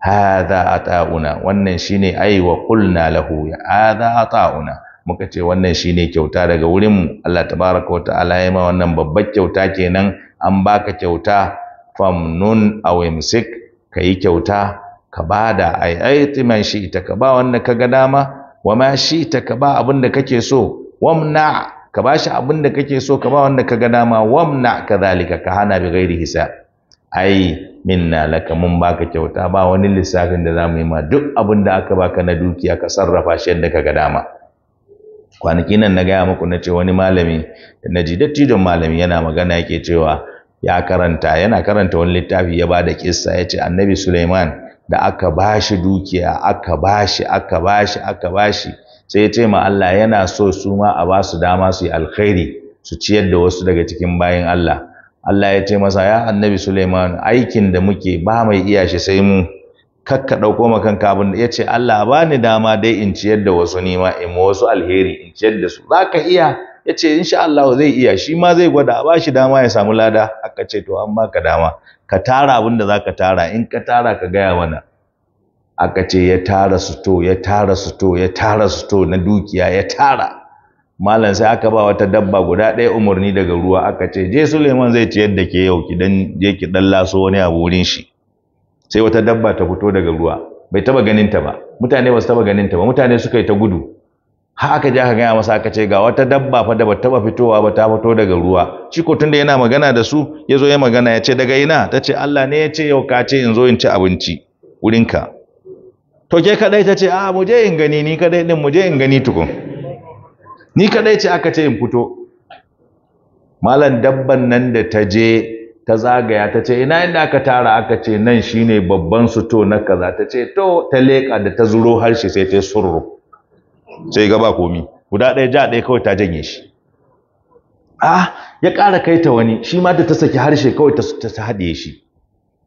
a ata'una wannan shine ai wa qulna lahu ya a ata'una muka ce wannan shine kyauta daga wurin mu Allah tabaraka wa ta'ala ya wannan babbar kyauta kenan an baka kyauta famnun aw Ka kai kyauta ka bada ai aiti man shi ita ka ba wanda ga dama wa ma shi ita ka ba abin da kake so wamna ka ba shi abin da kake so ka ba wanda ka ga dama wamna kadhalika ka hana bi ghairi hisab ai minna laka mun baka kyauta ba wani lissafin da zamu yi ma duk abin da aka baka na dukiya ka sarrafa shi yadda ka ga dama kwanaki nan na gaya muku na ce wani malami na ji dattijon malami yana magana yake cewa ya karanta yana karanta wani littafi ya bada kissa ya ce annabi Suleiman da aka bashi dukiya aka bashi aka bashi aka bashi sai ya ce ma Allah yana so su ma a ba su dama su yi alkhairi su ciyar da wasu daga cikin bayan Allah Allah ya ce masa ya annabi Suleiman aikin da muke ba mai iya shi sai mu kakka ɗauko makan kabin ya ce Allah ba ni dama dai in ciyar da wasu nima in wasu alheri in ciyar da su za iya ya ce insha Allah zai iya shi ma zai gwada ba shi dama ya samu lada aka ce to "Amma ka dama ka tara abin da zaka tara in ka tara ka gaya mana aka ce ya tara suto ya tara suto ya tara suto na dukiya ya tara malam sai aka ba wata dabba guda ɗaya umarni daga ruwa aka ce je Suleiman zai ciyar da ke yau kidan je ki dan laso wani abu wurin shi sai wata dabba ta fito daga ruwa bai taba ganin ta ba mutane ba su taba ganin ta ba mutane suka yi ta gudu har aka je aka gaya masa aka ce ga wata dabba fa da ba taba fitowa ba ta fito daga ruwa shi ko tunda yana magana da su ya zo ya magana ya ce daga ina ta ce Allah ne ya ce yau ka ce in zo in ci abinci wurinka to ke kadai ta ce a ah, mu in gani ni kadai din mu in gani tukun ni kadai ce aka ce in fito malam dabban nan da ta je ta zagaya ta ce ina inda aka tara aka ce nan shine babban suto na kaza ta ce to ta leka da ta zuro harshe sai ta surru sai ga ba komi guda ɗaya ja ɗaya kawai ta janye shi ah ya ƙara kai ta wani shi ma da ta saki harshe kawai ta haɗe shi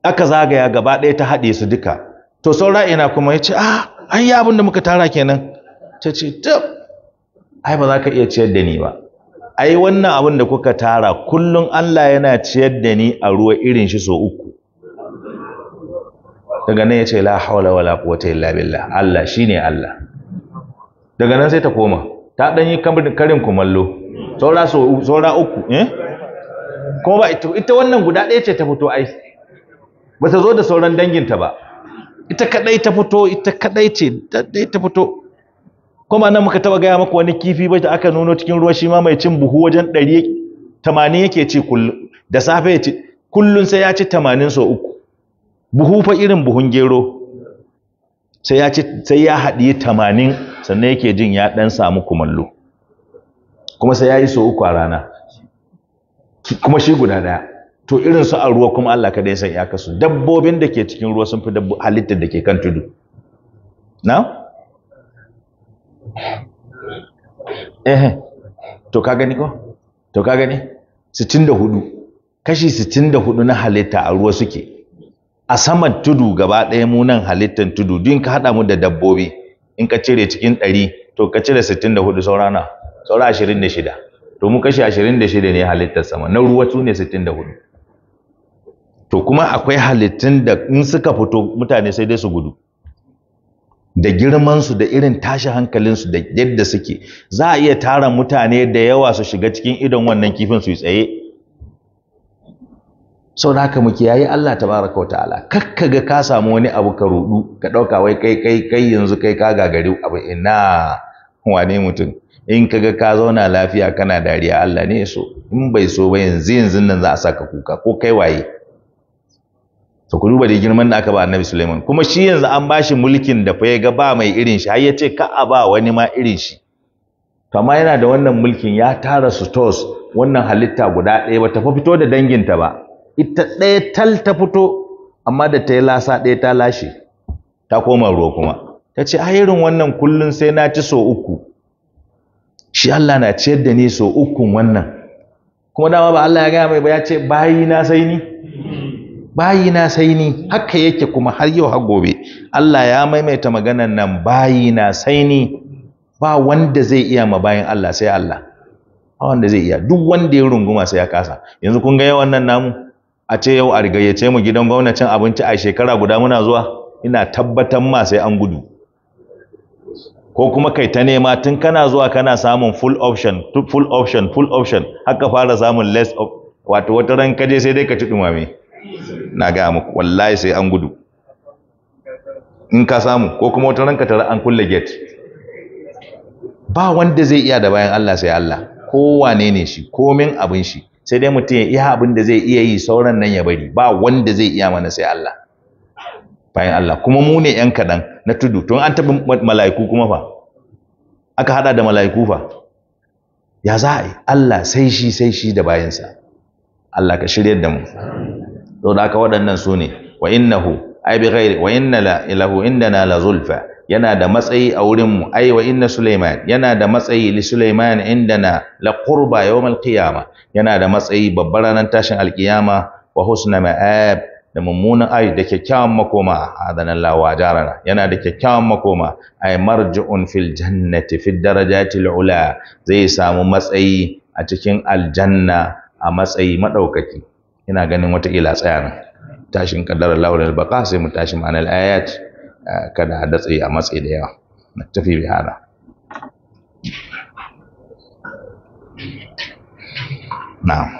aka zagaya gaba ɗaya ta haɗe su duka to saura ina kuma ya ce ah an yi abin da muka tara kenan ta ce tab ai ba za ka iya ciyar da ni ba ai wannan abin da kuka tara kullum Allah yana ciyar da ni a ruwa irin shi so uku daga nan ya ce la haula wala quwwata illa billah Allah shine Allah daga nan sai ta koma ta dan yi karin kumallo saura so saura uku eh kuma ba ita wannan guda ɗaya ce ta fito ai ba ta zo da sauran danginta ba ita kadai ta fito ita kadai ce dai ta fito kuma nan muka taba gaya maka wani kifi ba da aka nuno cikin ruwa shi ma mai cin buhu wajen 180 yake ci kullum da safe ya ci kullun sai ya ci 80 so uku buhu fa irin buhun gero sai ya ci sai ya hadi 80 sannan yake jin ya dan samu kumallo kuma sai ya yi so uku a rana kuma shi guda daya to irin su a ruwa kuma Allah kada ya san ya kasu dabbobin da ke cikin ruwa sun fi halittar da ke kan tudu na eh to ka gani ko to ka gani 64 kashi 64 na halitta a ruwa suke a saman tudu gaba ɗaya mu nan halittar tudu duk ka hada mu da dabbobi in ka cire cikin 100 to ka cire 64 saurana saura 26 to mu kashi 26 ne halittar sama na ruwa su ne 64 to kuma akwai halittun da in suka fito mutane sai dai su gudu da girmansu da irin tashi hankalinsu da yadda suke za a iya tara mutane da yawa su shiga cikin idon wannan kifin su tsaye sau da haka muke yayi Allah tabaraka wa ta'ala kakka ga ka samu wani abu ka rudu ka ɗauka wai kai kai kai yanzu kai ka gagari abu ina wane mutum in kaga ka zauna lafiya kana dariya Allah ne so in bai so ba yanzu yanzu nan za a saka kuka ko kai waye to ku duba da girman da aka ba annabi Sulaiman kuma shi yanzu an bashi mulkin da fa ga ba mai irin shi har yace ce ka a ba wani ma irin shi to amma yana da wannan mulkin ya tara su tos wannan halitta guda ɗaya ba ta fito da danginta ba ita ɗaya tal ta fito amma da ta yi lasa ɗaya ta lashe ta koma ruwa kuma ta ce a irin wannan kullun sai na ci so uku shi Allah na ciyar da ni so ukun wannan kuma dama ba Allah ya gaya mai ba ya ce bayi na sai ni na sai ni haka yake kuma har yau har gobe Allah ya maimaita maganan nan na sai ni ba wanda zai iya ma bayin Allah sai Allah ba wanda zai iya duk wanda ya runguma sai ya kasa yanzu kun ga yawan nan namu a ce yau a rigayyace mu gidan gwamnatin abinci a shekara guda muna zuwa ina tabbatar ma sai an gudu ko kuma kai ta nema tun kana zuwa kana samun full option full option full option haka fara samun less wato wata ran kaje sai dai ka ci dumame na gaya muku wallahi sai an gudu in ka samu ko kuma wata ranka tara an kulle gate ba wanda zai iya da bayan Allah sai Allah kowane ne shi komin abin shi sai dai mutum ya iya abin da zai iya yi sauran nan ya bari ba wanda zai iya mana sai Allah bayan Allah kuma mu ne yan kadan na tudu tun an taɓa mala'iku kuma fa aka haɗa da mala'iku fa ya za'i Allah sai shi sai shi da bayansa Allah ka shirya da mu to da haka waɗannan su ne wa innahu ai bi ghairi wa inna la ilahu indana la zulfa yana da matsayi a wurin mu ai wa inna sulaiman yana da matsayi li sulaiman indana la qurba yawmal qiyama yana da matsayi babbar ranar tashin alkiyama wa husna ma'ab da mummunan ayi da kyakkyawan makoma adanan lawa jarana yana da kyakkyawan makoma ay marji'un fil jannati fid darajatil ula zai samu matsayi a cikin aljanna a matsayi madaukaki ina ganin wataƙila tsaya nan tashin kaddara laular albaqa sai mu tashi ma'anar ayat kada a datse a matsayi da yawa na tafi bi hada na'am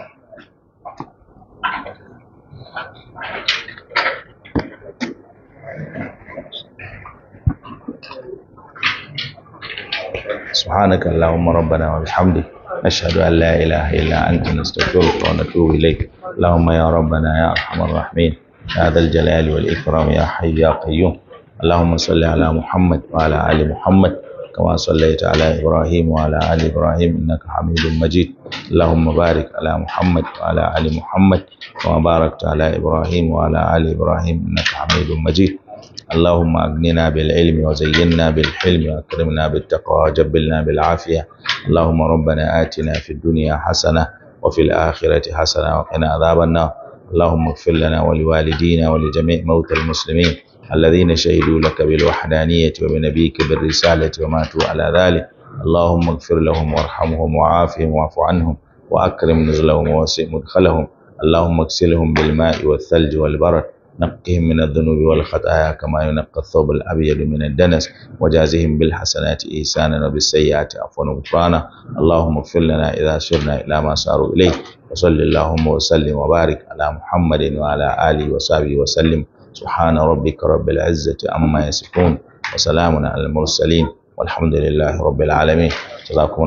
سبحانك اللهم ربنا وبحمدك نشهد أن لا إله إلا أنت نستغفرك ونتوب إليك اللهم يا ربنا يا أرحم الراحمين هذا الجلال والإكرام يا حي يا قيوم اللهم صل على محمد وعلى آل محمد كما صليت على إبراهيم وعلى آل إبراهيم إنك حميد مجيد اللهم بارك على محمد وعلى آل محمد كما باركت على إبراهيم وعلى آل إبراهيم إنك حميد مجيد اللهم أغننا بالعلم وزينا بالحلم وأكرمنا بالتقوى وجبلنا بالعافية اللهم ربنا آتنا في الدنيا حسنة وفي الآخرة حسنة وقنا عذاب النار اللهم اغفر لنا ولوالدينا ولجميع موتى المسلمين الذين شهدوا لك بالوحدانية وبنبيك بالرسالة وماتوا على ذلك اللهم اغفر لهم وارحمهم وعافهم واعف عنهم وأكرم نزلهم ووسع مدخلهم اللهم اغسلهم بالماء والثلج والبرد نقهم من الذنوب والخطايا كما ينقى الثوب الأبيض من الدنس وجازهم بالحسنات إحسانا وبالسيئات عفوا وغفرانا اللهم اغفر لنا إذا سرنا إلى ما ساروا إليه وصل اللهم وسلم وبارك على محمد وعلى آله وصحبه وسلم سبحان ربك رب العزة عما يصفون وسلام على المرسلين والحمد لله رب العالمين جزاكم